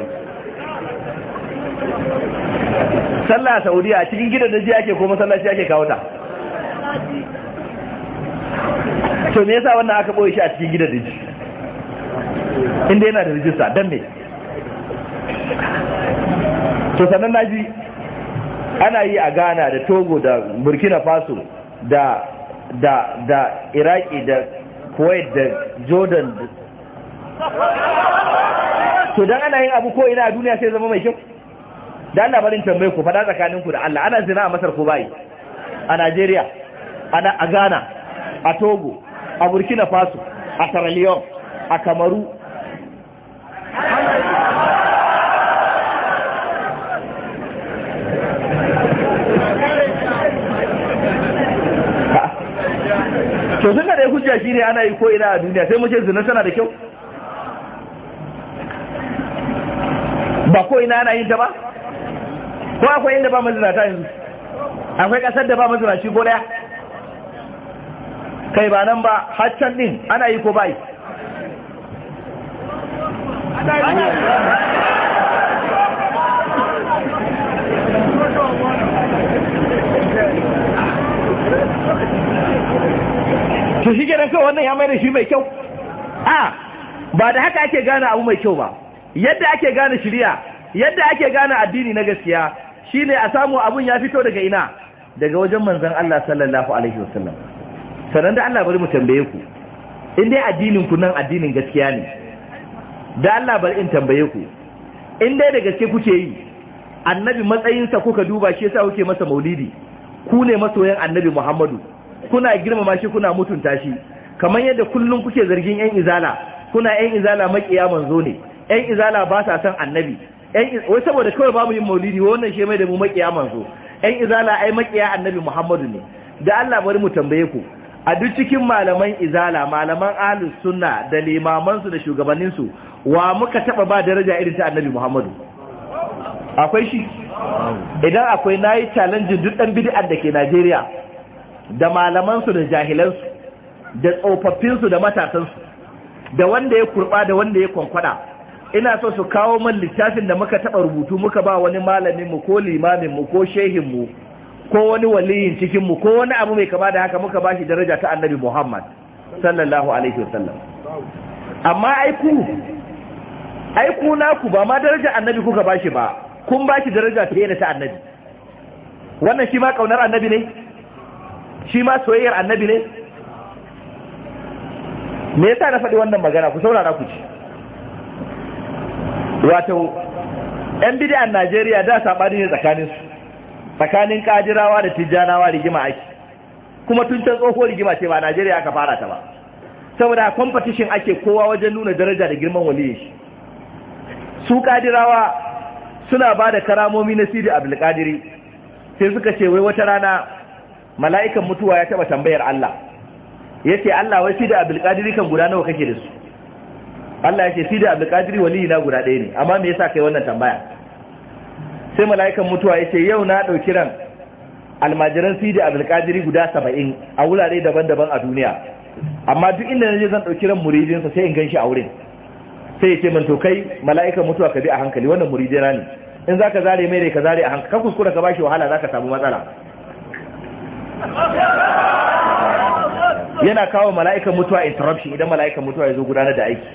sallah a Saudiya a cikin ji ake ko masallaci ake kawo ta to me yasa wannan aka boye shi a cikin ji inda yana da rijista dan me to sannan naji ana yi a ghana da togo da burkina faso da da da iraki da kuwait da jordan to dan ana yin abu ko ina a duniya sai zama mai kyau da Allah barin tambaye ku faɗa tsakanin ku da Allah ana zina a Masar ko bai a Najeriya ana a Ghana a Togo a Burkina Faso a Sierra Leone a Kamaru shi ne ana yi ko ina a duniya sai mu zina tana da kyau ba ko ina ana yin ta ba ko akwai inda ba ta yanzu akwai kasar da ba shi ko daya kai ba nan ba haccan din ana yi ko bai to shi kenan kawai wannan ya mai da shi mai kyau a ba da haka ake gane abu mai kyau ba yadda ake gane shirya yadda ake gane addini na gaskiya shi ne a samu abun ya fito daga ina daga wajen manzan Allah sallallahu alaihi wasallam sanan da Allah bari mu tambaye ku in dai addinin ku nan addinin gaskiya ne da Allah bari in tambaye ku in dai da gaske kuke yi annabi matsayinsa kuka duba shi yasa kuke masa maulidi ku ne masoyan annabi Muhammadu kuna girmama shi kuna mutunta shi kamar yadda kullum kuke zargin yan izala kuna yan izala makiya manzo ne yan izala ba sa san annabi wai saboda kawai babu yin maulidi wannan shi mai da mu makiya manzo yan izala ai makiya annabi muhammadu ne da Allah bari mu tambaye ku a duk cikin malaman izala malaman ahlus sunna da limamansu da shugabanninsu wa muka taba ba daraja irin ta annabi muhammadu akwai shi idan akwai nayi challenge duk dan bid'a da ke Najeriya da malamansu da jahilansu da tsofaffinsu da matasansu da wanda ya kurba da wanda ya kwankwada ina so su kawo man littafin da muka taɓa rubutu muka ba wani malamin mu ko limamin mu ko shehin mu ko wani waliyin cikin mu ko wani abu mai kama da haka muka ba shi daraja ta annabi Muhammad sallallahu alaihi wasallam amma aiku aiku naku ba ma daraja annabi kuka ba shi ba kun ba shi daraja fiye da ta annabi wannan shi ma kaunar annabi ne shi ma soyayyar annabi ne me yasa na faɗi wannan magana ku saurara ku ci wato yan bid'an Najeriya da sabani ne tsakanin su tsakanin kajirawa da tijjanawa rigima ake kuma tun can tsoho rigima ce ba Najeriya aka fara ta ba saboda competition ake kowa wajen nuna daraja da girman waliyi shi su ƙadirawa suna ba da karamomi na sidi abdulkadiri sai suka ce wai wata rana mala'ikan mutuwa ya taba tambayar Allah ce Allah wai fi da Abdul kan guda nawa kake da su Allah ce fi da Abdul Qadir wali na guda ɗaya ne amma me yasa kai wannan tambaya sai mala'ikan mutuwa ce yau na dauki ran almajiran fi da Abdul guda 70 a wurare daban-daban a duniya amma duk inda naje zan dauki ran muridinsa sai in ganshi a wurin sai ya ce min to kai mala'ikan mutuwa ka bi a hankali wannan muridina ne in zaka zare mai ne ka zare a hankali ka kuskura ka bashi wahala zaka samu matsala yana kawo mala'ikan mutuwa interruption idan mala'ikan mutuwa ya zo gudanar da aiki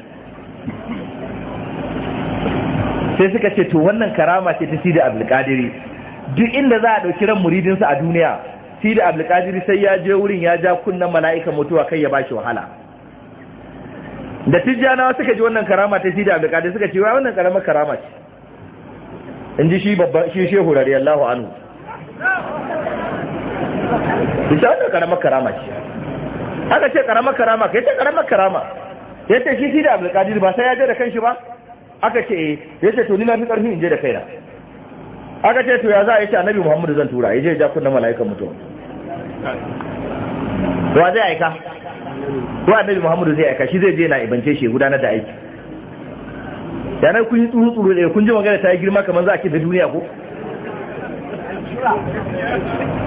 sai suka ce to wannan karama ce ta sida abdulkadiri duk inda za a ɗauki ran muridinsa a duniya sida abdulkadiri sai ya je wurin ya ja kunnen mala'ikan mutuwa kai ya ba shi wahala da tijjanawa suka ji wannan karama ta sida abdulkadiri suka ce wa wannan karamar karama ce in ji shi babban shi shehu radiyallahu anhu bisa wannan karama karama ce aka ce karama karama kai ta karama karama yace shi shi da Abdulkadir ba sai ya je da kanshi ba aka ce eh yace to ni na fi karfi in je da kaina aka ce to ya za a yace Annabi Muhammadu zan tura yaje ja kunna mala'ikan mutum wa zai aika Ko Annabi Muhammadu zai aika shi zai je na ibance shi gudanar da aiki yanar kun yi tsuru tsuru eh, da kun ji magana ta yi girma kamar za a ce da duniya ko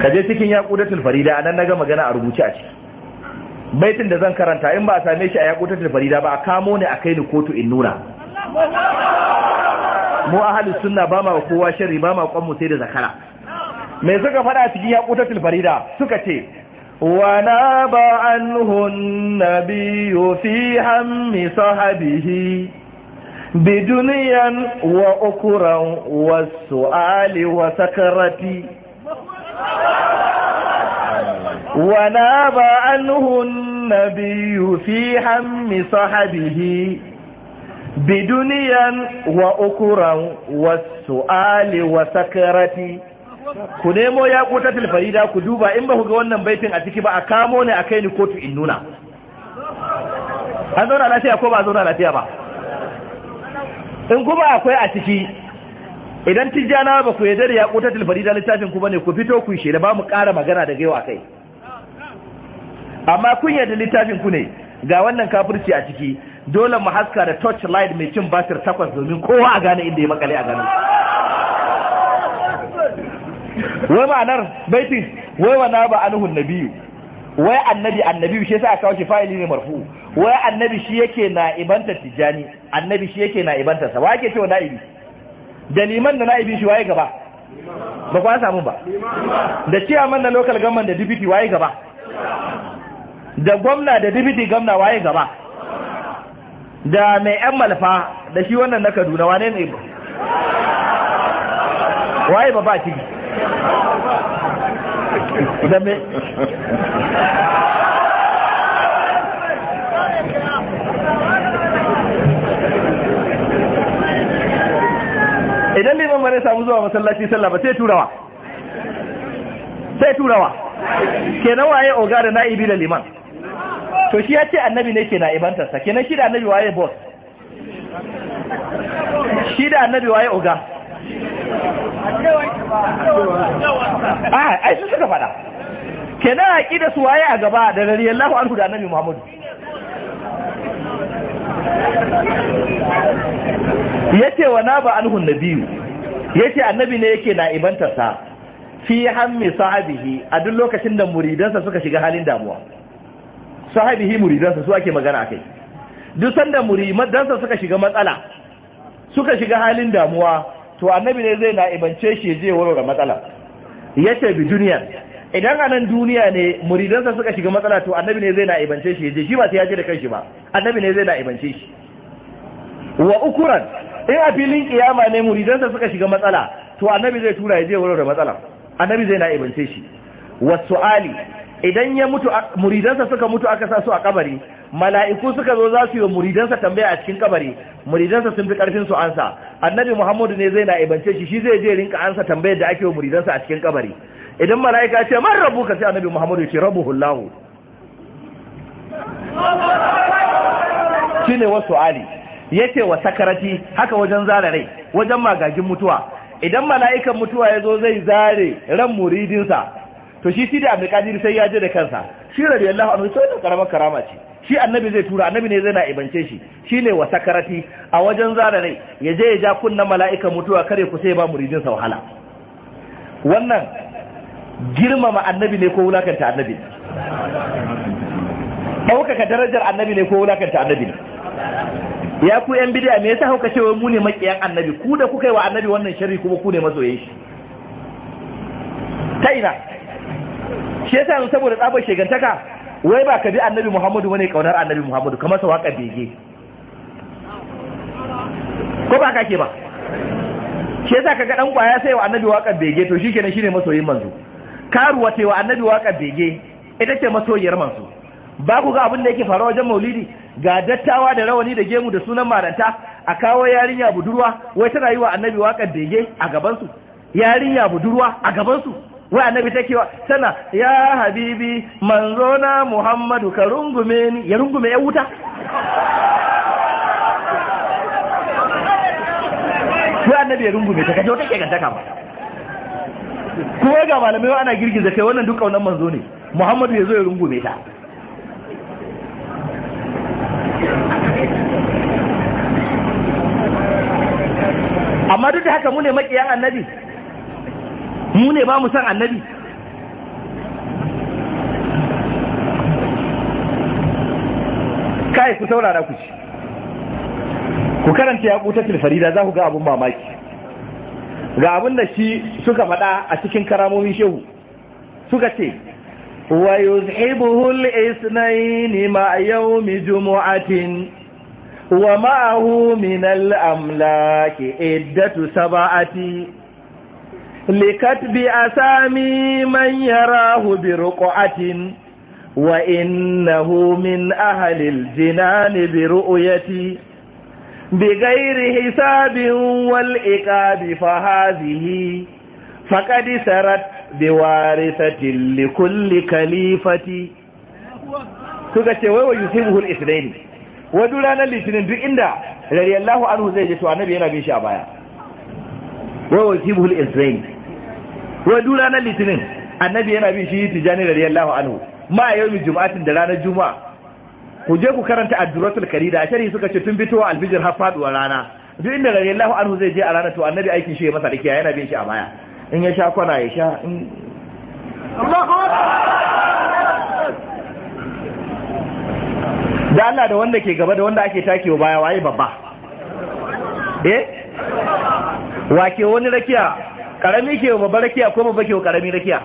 Kaje cikin yaqudatul farida na ga magana a rubuce a ciki baitin da zan karanta in ba a same shi a yaqudatul farida ba a kamo ni a kai ni kotu in nuna mu ahlus sunna ba ma kowa sharri ba ma kwan sai da zakara me suka fada cikin yaqudatul farida suka ce ba عنه nabiyyu fi hammi sahabihi بدنيا وأكرا والسؤال وسكرتي وناب عنه النبي في هم صحبه بدنيا Ali والسؤال وسكرتي ku nemo ya ta farida ku duba in ba ku ga wannan baitin a ciki ba a kamo ne a kai ni kotu in nuna an zauna lafiya ko ba a zauna lafiya ba in kuma akwai a ciki idan tijjana ba ku yadda da ya tilfari da littafin ku bane ku fito ku shi da ba mu ƙara magana da gaiwa kai amma kun yadda littafin ku ne ga wannan kafirci a ciki dole mu haska da torch light mai cin batir takwas domin kowa a gane inda ya makale a gano wai ma'anar baitin wai wa na ba anuhun nabiyu wai annabi annabi shi yasa aka kawo shi fa'ili ne marfu wai annabi shi yake na ibanta tijani annabi shi yake na ibanta sa wake cewa na'ibi da liman da na'ibi shi waye gaba ba kwa samu ba da man na local government da deputy waye gaba da gwamna da deputy gwamna waye gaba da mai yan malfa da shi wannan na Kaduna wane ne waye ba ba ciki da idan liman bare samu zuwa masallaci sallah ba sai turawa sai turawa kenan waye oga da na'ibi da liman to shi ya ce annabi ne ke na'ibantarsa kenan shi da annabi waye boss shi da annabi waye oga a ah, ai sun suka faɗa kenan da su waye a gaba da radiyallahu anhu da annabi Muhammadu yace wa na ba anhu nabiyu yace annabi ne yake na ibantarsa fi hammi sahabihi a duk lokacin da muridansa suka shiga halin damuwa sahabihi muridansa su ake magana akai duk sanda muridansa suka shiga matsala suka shiga halin damuwa to annabi ne zai ibance shi je warware matsala yace bi duniya idan a nan duniya ne muridansa suka shiga matsala to annabi ne zai ibance shi je shi ba sai ya je da kanshi ba annabi ne zai ibance shi wa ukuran in a filin kiyama ne muridansa suka shiga matsala to annabi zai tura ya je warware matsala annabi zai ibance shi wa su'ali idan ya mutu muridansa suka mutu aka sa su a kabari mala'iku suka zo za su yi wa muridansa tambaya a cikin kabari muridansa sun fi karfin su ansa annabi muhammadu ne zai na ibance shi shi zai je rinka ansa tambayar da ake wa muridansa a cikin kabari idan mala'ika ce man rabu ka sai annabi muhammadu ya ce rabu hullahu shine wasu ali yace wa sakarati haka wajen zara rai wajen magagin mutuwa idan mala'ikan mutuwa ya zo zai zare ran muridinsa to shi da abdulkadir sai ya je da kansa shi radiyallahu anhu sai da karamar karama ce shi annabi zai tura annabi ne zai na ibance shi shine wa sakarati a wajen zara rai ya je ya ja kunna mala'ika mutuwa kare ku sai ba muridin sa wahala wannan girmama annabi ne ko wulakanta annabi ɗaukaka darajar annabi ne ko wulakanta annabi ne ya ku yan bidiya me yasa hauka cewa mu ne makiyan annabi ku da kuka yi wa annabi wannan sharri kuma ku ne masoyin shi ta ina shi yasa saboda tsabar shegantaka wai ba ka bi annabi muhammadu wani kaunar annabi muhammadu kamar sa waka bege ko ba ka ke ba ke sa ka dan kwaya sai wa annabi waka bege to shikenan shine masoyin manzo karuwa ce wa annabi waka bege ita ce masoyiyar manzo ba ku ga abin da yake faruwa wajen maulidi ga dattawa da rawani da gemu da sunan maranta a kawo yarinya budurwa wai tana yi wa annabi waka bege a gabansu yarinya budurwa a gabansu wa annabi take wa tana ya habibi manzo na muhammadu ka rungume ni ya rungume ya wuta wa annabi ya rungume ta kaje take ke ganta kama kuma ga malamai wa ana girgiza kai wannan duk kaunan manzo ne muhammadu ya zo ya rungume ta amma duk da haka mu ne makiyan annabi mu ne ba mu san annabi kai ku saurara ku ci ku karanta ya kuta farida za ku ga abun mamaki ga abun da shi suka faɗa a cikin karamomi shehu suka ce wa yuzhibuhu al-ithnayn ma yawm jumu'atin wa ma'ahu min al-amlaki iddatu sab'ati Likat bi asami man yarahu birku atin, wa'in na min ahalil jina ni birki ati, bi gayri hisabin walƙika bi faha bihi, fa sarat biwa ri satin, kulli kalifati. Su gace wai wasu yin wani Isra'ili, wajula nan da inda yadda yallahu alahu zai yi tsawanar da yana bai shi a baya. wa wasibuhu al wa duk ranar litinin annabi yana bin shi tijani radiyallahu anhu ma yawmi juma'atin da ranar juma'a ku je ku karanta ad-duratul karida a shari suka ce tun fitowa al-fijr har faduwa rana duk inda radiyallahu anhu zai je a ranar to annabi aikin shi ya masa rikiya yana bin shi a baya in ya sha kwana ya sha in da Allah da wanda ke gaba da wanda ake takewa baya waye babba eh wake wani rakiya karami ke babban rakiya ko babba ke karami rakiya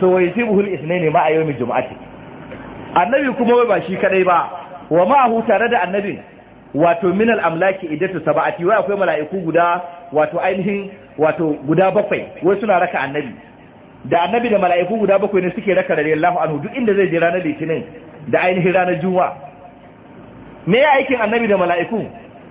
to wa ne ne ma ayyamil jum'ati annabi kuma wai ba shi kadai ba wa ma'ahu tare da annabin wato minal amlaki idatu sab'ati wai akwai mala'iku guda wato ainihin wato guda bakwai wai suna raka annabi da annabi da mala'iku guda bakwai ne suke raka radiyallahu anhu duk inda zai je ranar litinin da ainihin ranar juma'a me ya aikin annabi da mala'iku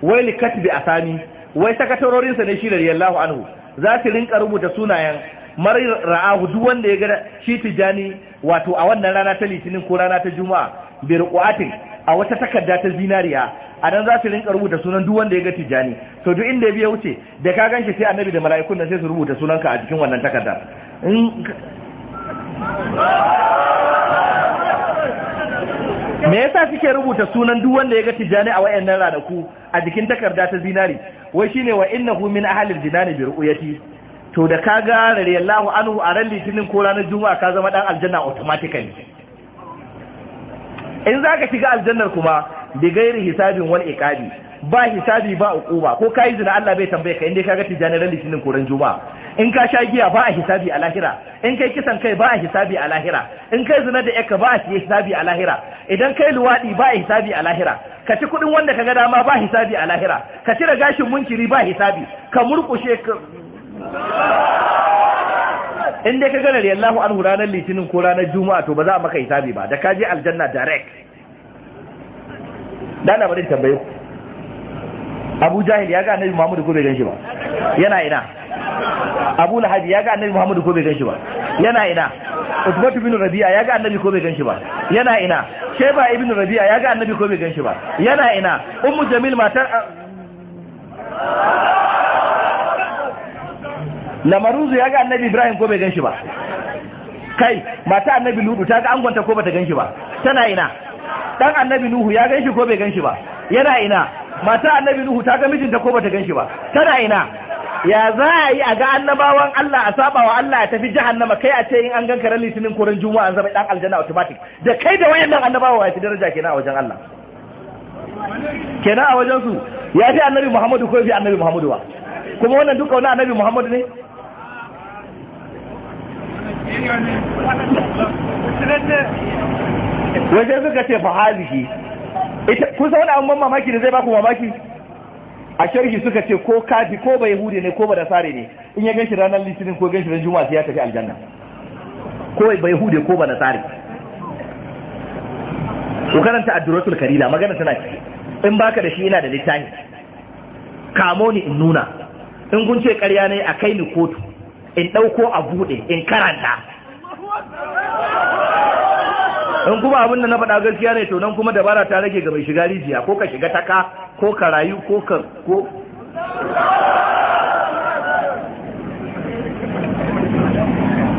wai a asami wai sakatarorinsa ne shi radiyallahu anhu za su rinka rubuta sunayen mari ra'ahu duk wanda ya ga shi tijani wato a wannan rana ta litinin ko rana ta juma'a bi ruqatin a wata takarda ta zinariya a nan za su rinka rubuta sunan duk wanda ya ga tijani to duk inda ya biya wuce da ka ganshi sai annabi da mala'ikun nan sai su rubuta sunanka a cikin wannan takarda in me yasa kike rubuta sunan duk wanda ya ga tijjani a wayannan ranaku a jikin takarda ta zinari wai shine wa innahu min ahlil jinani bi ru'yati to da kaga ga radiyallahu anhu a ran litinin ko ranar juma'a ka zama dan aljanna automatically in zaka shiga aljannar kuma bi gairi hisabin wal iqabi ba hisabi ba uquba ko kai zina Allah bai tambaye ka indai ka ga tijjani ran litinin ko ran juma'a in ka sha giya ba a hisabi a lahira in kai kisan kai ba a hisabi a lahira in kai zina da yaka ba a hisabi a lahira idan kai luwaɗi ba a hisabi a lahira ka ci kuɗin wanda ka ga dama ba hisabi a lahira ka cire gashin munkiri ba hisabi ka murƙushe ka in dai ka ga radiyallahu anhu ranar litinin ko ranar juma'a to ba za a maka hisabi ba da ka je aljanna direct dana bari tambaye ku abu jahil ya ga annabi muhammadu ko bai gan shi ba yana ina abu lahabi ya ga annabi muhammadu ko bai gan shi ba yana ina utbatu bin rabi'a ya ga annabi ko bai gan shi ba yana ina sheba ibn rabi'a ya ga annabi ko bai gan shi ba yana ina ummu jamil matar ah, lamaruzu ya ga annabi ibrahim ko bai gan shi ba kai mata annabi ludu ta ga angonta ko bata gan shi ba tana ina dan annabi nuhu ya gan shi ko bai gan shi ba yana ina mata annabi nuhu ta ga mijinta ko bata gan shi ba tana ina ya za a yi a ga annabawan Allah a saba wa Allah ya tafi jahannama kai a ce in an ganka ran litinin ko ran juma'a an zama dan aljanna automatic da kai da wayannan annabawa ya fi daraja kenan a wajen Allah kenan a wajen su ya fi annabi Muhammadu ko ya fi annabi Muhammadu ba kuma wannan duka wani annabi Muhammadu ne wajen suka ce fa halihi ita kun wani abin mamaki da zai baku mamaki a sharhi suka ce ko kafi ko ba yahudi ne ko ba da sare ne in ya ganshi ranar litinin ko ganshi ran juma'a sai ya tafi aljanna ko ba yahudi ko ba da sare ku karanta adduratul karila magana tana ciki in baka da shi yana da littafi kamo ni in nuna in kun ce karya ne a kai ni kotu in ɗauko a bude in karanta in kuma abin da na faɗa gaskiya ne to nan kuma dabara ta rage ga mai shiga rijiya ko ka shiga taka ko ka rayu ko ka ko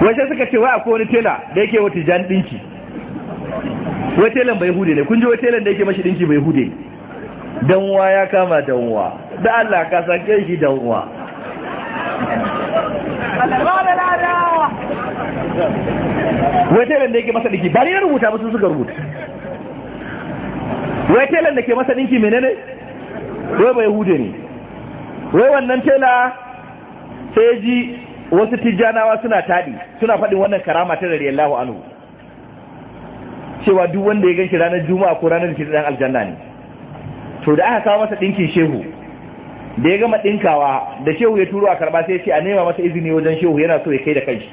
wajen suka ce wai a wani tela da yake wata jan dinki wai telan bai hude ne kun ji wai telan da yake mashi dinki bai hude danwa ya kama danwa da Allah ka sake shi danwa wai tailan da yake masa ɗinki, ba ni na rubuta ba su suka rubuta wai tailan da ke masa ɗinki menene wai bai hude ne wai wannan tela sai ji wasu tijjanawa suna taɗi suna faɗin wannan karama ta rariyar lahu anhu cewa duk wanda ya ganki ranar juma'a ko ranar da ke ɗan aljanna ne to da aka kawo masa ɗinkin shehu da ya gama dinkawa da shehu ya turo a karba sai ya ce a nema masa izini wajen shehu yana so ya kai da kanshi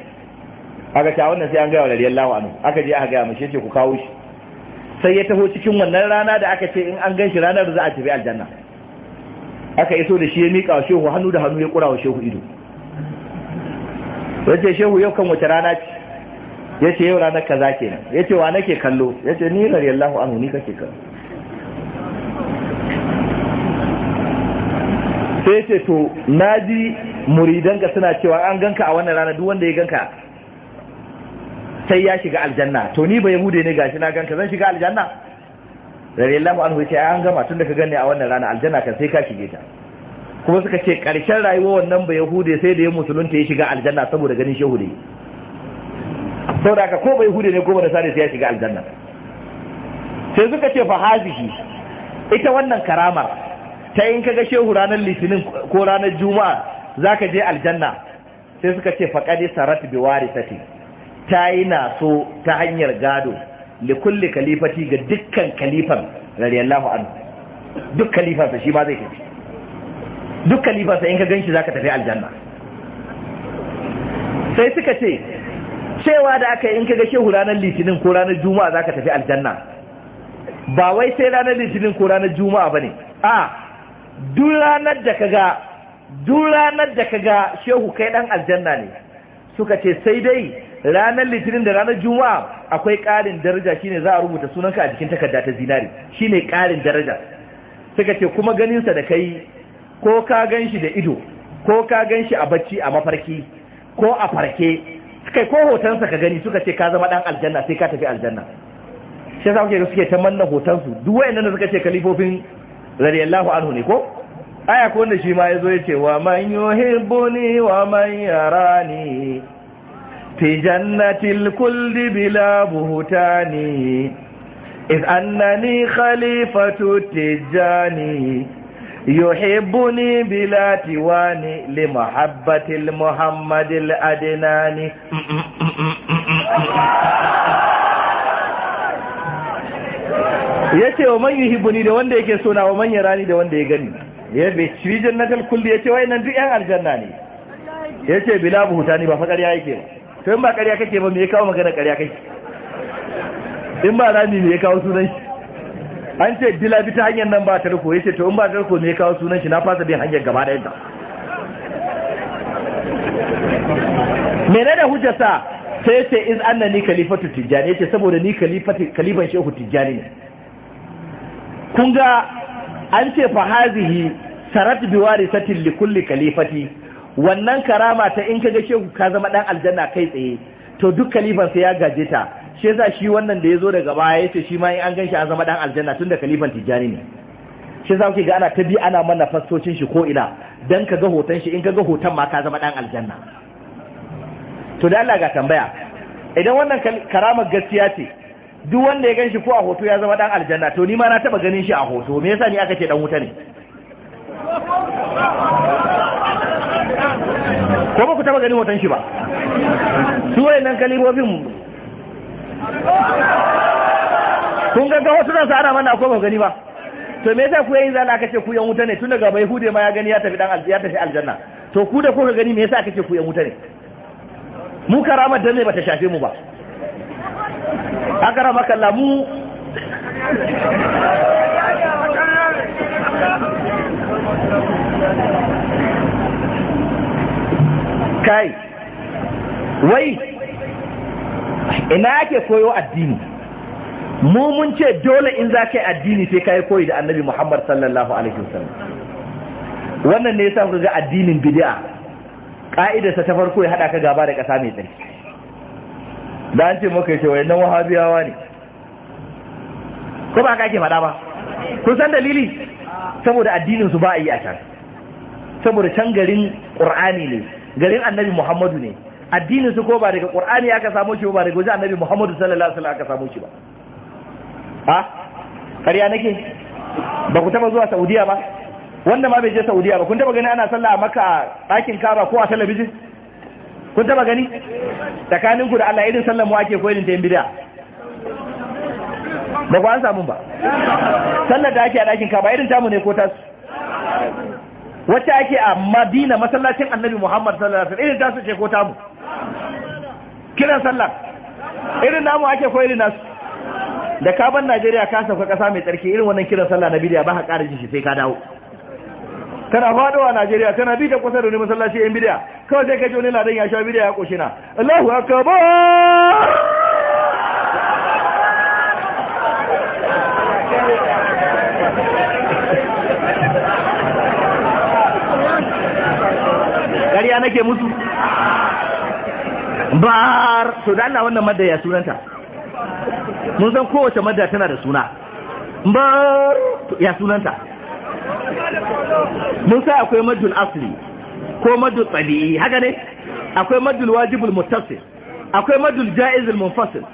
aka ce a wannan sai an gaya wa lawa anu aka je aka gaya mashi ce ku kawo shi sai ya taho cikin wannan rana da aka ce in an ganshi ranar za a tafi aljanna aka iso da shi ya miƙa wa shehu hannu da hannu ya kura wa shehu ido ce shehu yau kan wace rana ce yace yau ranar kaza kenan yace wa nake kallo yace ni lawa anu ni kake kallo sai ce to na ji muridanka suna cewa an ganka a wannan rana duk wanda ya ganka sai ya shiga aljanna to ni ba yahude ne gashi na ganka zan shiga aljanna radiyallahu anhu ce an gama tun da ka gane a wannan rana aljanna kan sai ka shige ta kuma suka ce karshen rayuwar wannan ba yahude sai da ya musulunta ya shiga aljanna saboda ganin shehu ne saboda ka ko ba yahude ne ko ba nasara sai ya shiga aljanna sai suka ce fa hazihi ita wannan karamar ta in kaga shehu ranar litinin ko ranar juma'a za ka je aljanna sai suka ce faƙaɗe sarat bi sati. ta yi na so ta hanyar gado li kulli kalifati ga dukkan kalifan radiyallahu anhu duk kalifansa shi ba zai tafi duk kalifansa in ka ganshi zaka tafi aljanna sai suka ce cewa da aka yi in kaga shehu ranar litinin ko ranar juma'a zaka tafi aljanna ba wai sai ranar litinin ko ranar juma'a bane a duk ranar da kaga duk ranar da kaga shehu kai dan aljanna ne suka ce sai dai ranar litinin da ranar juma'a akwai ƙarin daraja shine za a rubuta sunanka a jikin takarda ta zinari shine ƙarin daraja suka ce kuma ganinsa da kai ko ka gan shi da ido ko ka gan shi a bacci a mafarki ko a farke kai ko hotonsa ka gani suka ce ka zama dan aljanna sai ka tafi aljanna shi yasa kuke suke ta manna hotonsu duk wayannan da suka ce kalifofin radiyallahu anhu ne ko aya ko wanda shi ma yazo ce wa man yuhibbuni wa man yarani fi jannatil kulli bila buhtani إذ أنني خليفة التجاني يحبني بلا تواني لمحبة المحمد الأدناني yace wa manyan yuhibbuni da wanda yake suna wa manyan rani da wanda ya gani ya bai na kalkul kulli yace wai nan duk yan aljanna ne ya ce bila hutani ba fa ya yake ba to in ba ƙarya kake ba me ya kawo magana ƙarya kai in ba rani me ya kawo sunan shi an ce dila bi ta hanyar nan ba tarko ce to in ba tarko me ya kawo sunan shi na fasa bin hanyar gaba da yadda mene da hujja sa sai yace iz annani kalifatu tijani ce saboda ni kalifan khalifan shehu tijani ne kun ga an ce fa hazihi sarat Biwari li kulli kalifati wannan karama ta in kaga shehu ka zama dan aljanna kai tsaye to duk kalifan sai ya gaje ta shi za shi wannan da yazo daga baya yace shi ma in an ganshi an zama dan aljanna tunda kalifan tijani ne shi za kuke ga ana ta bi ana mana fastocin shi ko ina dan kaga hoton shi in kaga hoton ma ka zama dan aljanna to da Allah ga tambaya idan wannan karamar gaskiya ce duk wanda ya ganshi ko a hoto ya zama dan aljanna to ni ma na taba ganin shi a hoto me yasa ni aka ce dan wuta ne ko ba ku taba ganin hoton shi ba su wayannan kalibobin kun ga ga hotunan sa ana mana ko ba gani ba to me yasa ku yayin zana aka ce ku yan wuta ne tun daga bai hude ma ya gani ya tafi dan ya tafi aljanna to ku da kuka gani me yasa aka ce ku yan wuta ne mu karamar da ne bata shafe mu ba akara maka lamu kai wai ina ake koyo addini mu mun ce dole in za ka yi addini sai ka yi koyi da annabi muhammad sallallahu alaihi wasallam wannan ne yasa ku ga addinin bid'a ka'idarsa ta farko ya haɗa ka gaba da ƙasa mai tsarki da an ce maka ce wayannan wahabiyawa ne ko ba ka ake faɗa ba kun san dalili saboda addinin su ba a yi a can saboda can garin qur'ani ne garin annabi muhammadu ne addinin su ko ba daga qur'ani aka samu shi ba daga wajen annabi muhammadu sallallahu alaihi wasallam aka samu shi ba ha ƙarya nake ba ku taba zuwa saudiya ba wanda ma bai je saudiya ba kun taba gani ana sallah a makka a ɗakin kaba ko a talabijin kun taba gani tsakanin ku da Allah irin sallar mu ake koyin ta yin bid'a ba ku an samu ba sallar da ake a ɗakin ka ba irin tamu ne ko tasu wacce ake a madina masallacin annabi muhammad sallallahu alaihi irin tasu ce ko tamu kiran sallar irin namu ake ko irin nasu da ka ban najeriya ka sauka kasa mai tsarki irin wannan kiran sallah na bidiya ba ka ƙara jin shi sai ka dawo kana faɗowa najeriya kana bi da kusa da wani masallaci yan bidiya kawai sai kaji wani ladan ya sha bidiya ya koshi na Allahu akbar Gariya nake musu bar to da Allah wannan madda ya sunanta mun san kowace madda tana da suna bar ya sunanta mun sai akwai madun asli ko madul tabi'i haka ne akwai madul wajibul muttasil akwai madul ja'izul munfasil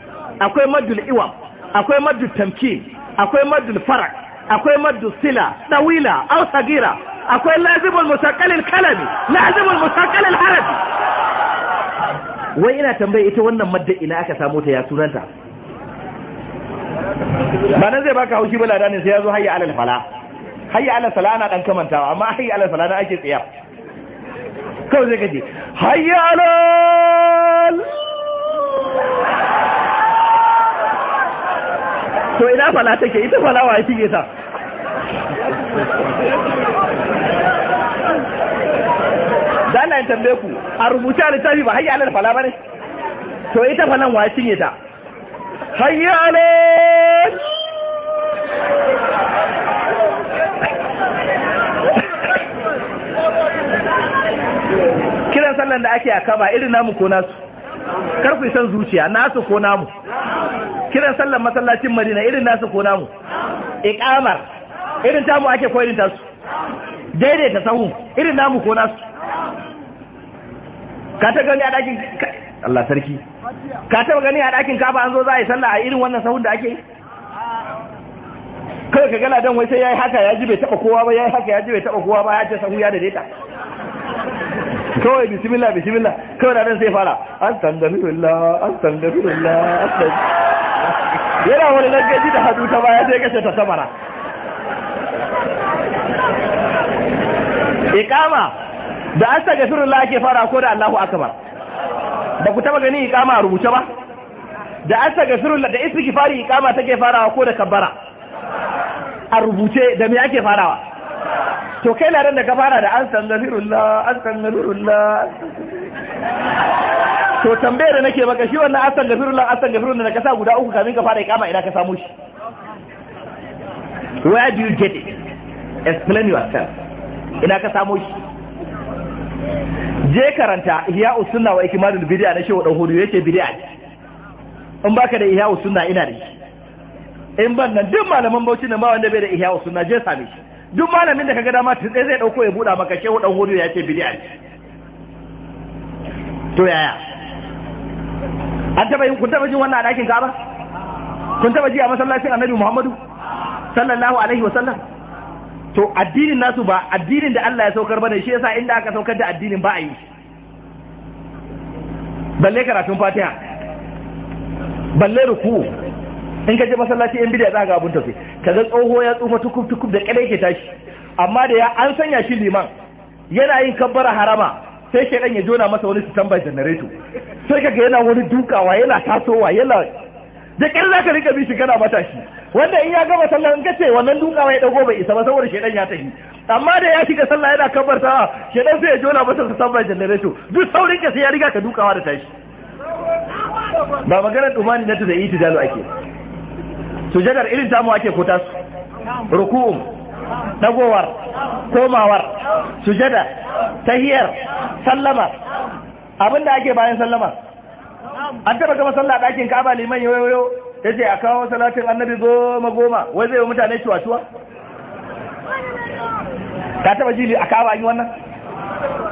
akwai madul Iwam. akwai madul tamkin akwai madul farak akwai madul sila dawila aw sagira akwai lazimul mutaqallil kalami lazimul mutaqallil harafi wai ina tambaye ita wannan madda ina aka samu ta ya sunanta ba nan zai baka haushi ba ladanin sai ya hayya alal fala hayya alal fala ana dan kamantawa amma hayya alal fala na ake tsaya kawai zai gaji hayya alal to ina fala take ita fala wa shige ta da nan tambaye ku a rubuta littafi ba hayya alal fala bane to ita fala wa shige ta hayya alal kiran sallan da ake a kaba irin namu ko nasu kar ku san zuciya nasu ko namu kiran sallan masallacin madina irin nasu ko namu iqamar irin tamu ake ko irin tasu daidaita sahu irin namu ko nasu ka ta gani a dakin Allah sarki ka ta gani a dakin kaba an zo za a yi sallah a irin wannan sahun da ake Kai ka gala dan wai sai yayi haka ya ji bai taba kowa ba yayi haka ya ji bai taba kowa ba ya ce sahu ya daidaita kawai bismillah bismillah kawai da nan sai fara an tangarilla an yana wani langaji da hadu ta baya sai kashe ta samara iqama da an tagafirullah ake fara ko da Allahu akbar ba ku taba gani iqama a rubuce ba da an tagafirullah da istighfari iqama take farawa ko da kabbara a rubuce da me ake farawa to kai na da gabara da an sangafirullah an sangafirullah to tambayar da nake maka shi wannan an sangafirullah an sangafirullah da ka sa guda uku kamin ka fara ikama ina ka samu shi where do you get it explain yourself ina ka samu shi je karanta ihya usunna wa ikmalul bid'a na shehu dan hudu yace bid'a in baka da ihya usunna ina da shi in ban nan duk malaman bauchi ne ba wanda bai da ihya usunna je same shi duk malamin da ka ga dama tsaye zai dauko ya buɗa maka shehu dan hudu ya ce bid'a to yaya an taba yin kun taba jin wannan a ɗakin Ka'aba kun taba ji a masallacin Annabi Muhammadu sallallahu alaihi wa sallam to addinin nasu ba addinin da Allah ya saukar bane shi yasa inda aka saukar da addinin ba a yi balle karatun Fatiha balle ruku in ka je masallaci yan bid'a za ga abun ka kaga tsoho ya tsuma tukub tukub da kadai ke tashi amma da ya an sanya shi liman yana yin kabbara harama sai shedan ya jona masa wani standby generator sai kaga yana wani dukawa yana tasowa yana da kar ka rika bi shi kana mata shi wanda in ya gama sallah in kace wannan dukawa ya dago bai isa ba saboda shedan ya tafi amma da ya shiga sallah yana sa, shedan sai ya jona masa standby generator duk saurin ka sai ya riga ka dukawa da tashi ba maganar dumani na ta da itijalu ake sujadar irin tamu ake kutas ruku'un dagowar komawar sujada tahiyar sallama abin da ake bayan sallama an taba gama sallah ɗakin kaba liman yoyoyo ya ce a kawo salatin annabi goma goma wai zai yi mutane cuwa-cuwa ka taba ji a kaba an yi wannan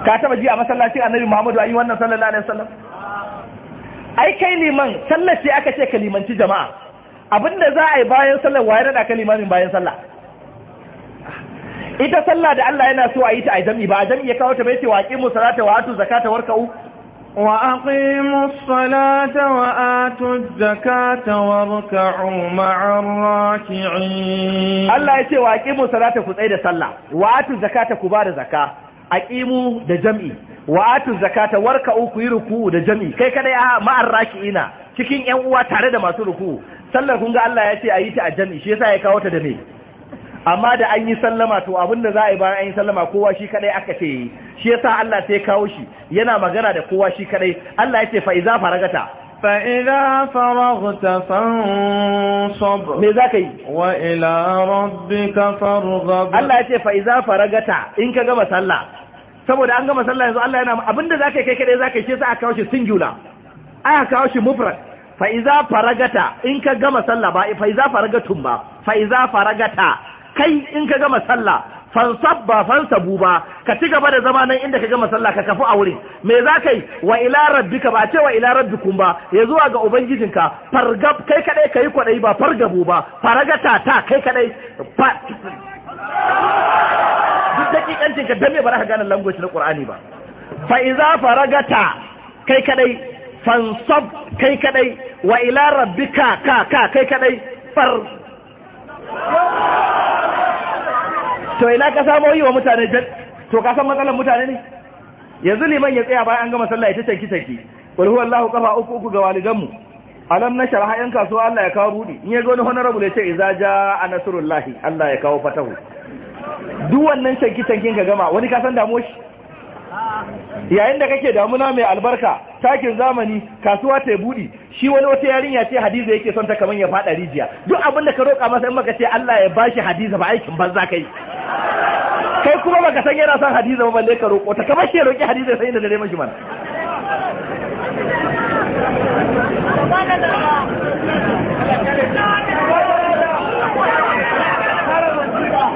ka taba ji a masallacin annabi muhammadu an yi wannan sallallahu alaihi wasallam ai kai liman sallar sai aka ce ka limanci jama'a Abin da za a yi bayan sallah waye na kan limamin bayan sallah ita sallah da Allah yana so a yi ta a jami ba a jami ya kawo ta bai ce wa aqimu salata wa atu zakata warka'u wa aqimu salata wa atu zakata warka'u ma'ar raki'in Allah ya ce wa aqimu salata ku tsaye da sallah wa atu zakata ku ba da zakka aqimu da jam'i; wa atu zakata warka'u ku yi ruku da jam'i; kai kadai a ma'ar raki'ina cikin yan uwa tare da masu ruku sallar kun ga Allah ya ce a yi ta a jami shi yasa ya kawo ta da me amma da an yi sallama to abin da za a yi bayan an yi sallama kowa shi kadai aka ce yi shi yasa Allah sai kawo shi yana magana da kowa shi kadai Allah ya ce fa iza faragata fa iza faraghta fansab me za ka yi wa ila rabbika farghab Allah ya ce fa iza faragata in ka gama sallah saboda an gama sallah yanzu Allah yana abinda zaka kai kadai zaka yi shi yasa aka kawo shi singular aka kawo shi mufrad fa iza faragata in ka gama sallah ba fa iza faragatun ba fa iza faragata kai in ka gama sallah fansab ba fansabu ba ka ci gaba da zama nan inda ka gama sallah ka kafu a wurin me za kai wa ila rabbika ba ce wa ila rabbikum ba ya zuwa ga ubangijinka fargab kai kadai kai kwadai ba fargabu ba faragata ta kai kadai duk dakikancin ka dan me ba za ka gane language na qur'ani ba fa iza faragata kai kadai fansab kai kadai wa ila rabbika ka ka kai kadai far to ina ka samo yi wa mutane to ka san matsalar mutane ne yanzu liman ya tsaya bayan an gama sallah ya ta tanki tanki qul huwallahu kafa uku uku ga walidanmu alam na sharha yan kasuwa Allah ya kawo budi in ya ga wani honorable ya ce idza jaa nasrullahi Allah ya kawo fatahu duk wannan tanki tankin ka gama wani ka san damuwa shi yayin da kake damuna mai albarka takin zamani kasuwa ta budi shi wani wata yarinya ce hadiza yake son ta kaman ya fada rijiya duk abin da ka roka masa in baka ce Allah ya bashi hadiza ba aikin banza kai kai kuma baka san yana son hadiza ba balle ka roko ta kamar shi ya roki hadiza sai da dare mashi mana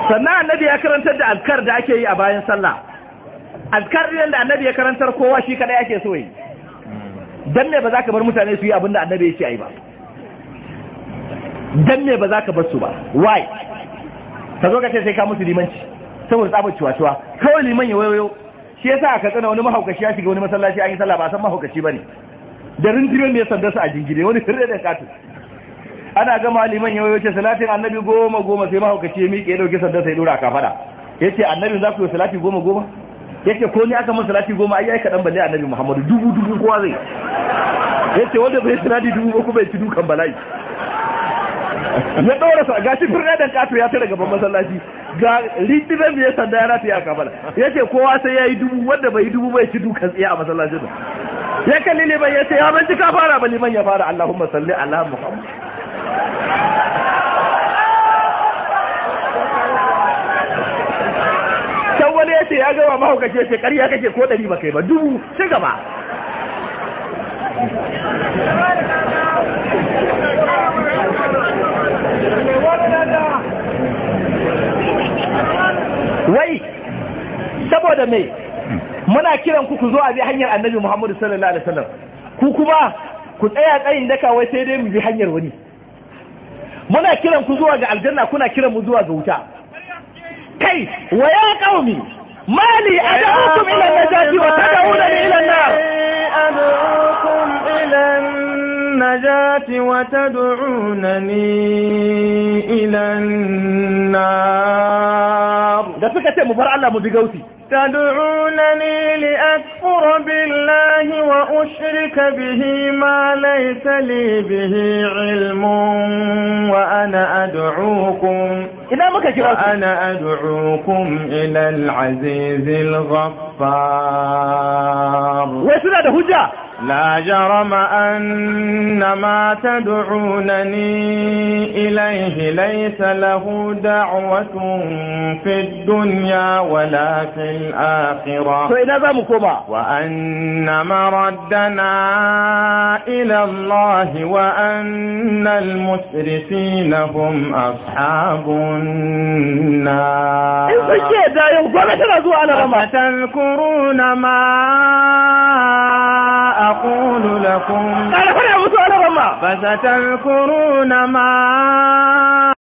sannan annabi ya karantar da alkar da ake yi a bayan sallah azkar din da annabi ya karantar kowa shi kadai ake so yi dan me ba za ka bar mutane su yi abin da annabi ya ce ayi ba dan me ba za ka bar su ba why ka zo ka ce sai ka musu limanci saboda tsabar ciwa kawai liman ya wayo shi yasa a tsana wani mahaukaci ya shiga wani masallaci an yi sallah ba san mahaukaci bane da rintirin ne sandar su a jingire wani firre da katu ana gama liman ya wayo ce salatin annabi goma goma sai mahaukaci ya miƙe ya ɗauki sandar sai faɗa. kafada ce annabi za ku yi salati goma goma yake ko ni aka masa lati goma ayi ai kadan balle annabi Muhammadu dubu dubu kowa zai yace wanda bai sanadi dubu ko bai ci dukan bala'i ya dora sa gashi birna da kato ya tare gaban masallaci ga lidiran bai sanda yana ta yaka bala yace kowa sai yayi dubu wanda bai dubu bai ci dukan tsaye a masallacin ya kalli ne bai yace ya manci ka fara bali man ya fara Allahumma salli ala Muhammad ce ya gama ma ya ce ya kake ko ɗari ba kai ba dubu ci gaba wai saboda me muna kiran ku ku zo a bi hanyar annabi muhammadu sallallahu alaihi wasallam ku kuma ku tsaya tsayin daka wai sai dai mu bi hanyar wani muna kiran ku zuwa ga aljanna kuna kiran mu zuwa ga wuta kai wa ya qaumi مالي أدعوكم إلى النجاة وتدعونني إلى النار أدعوكم إلى النجاة وتدعونني إلى النار ده فكرة ce الله bar Allah تدعونني لأكفر بالله وأشرك به ما ليس لي به علم وأنا أدعوكم وأنا أدعوكم إلى العزيز الغفار لا جرم أن ما تدعونني إليه ليس له دعوة في الدنيا ولا في الآخرة وأن مردنا إلى الله وأن المسرفين هم أصحاب النار أتذكرون ما أقول لكم فستذكرون ما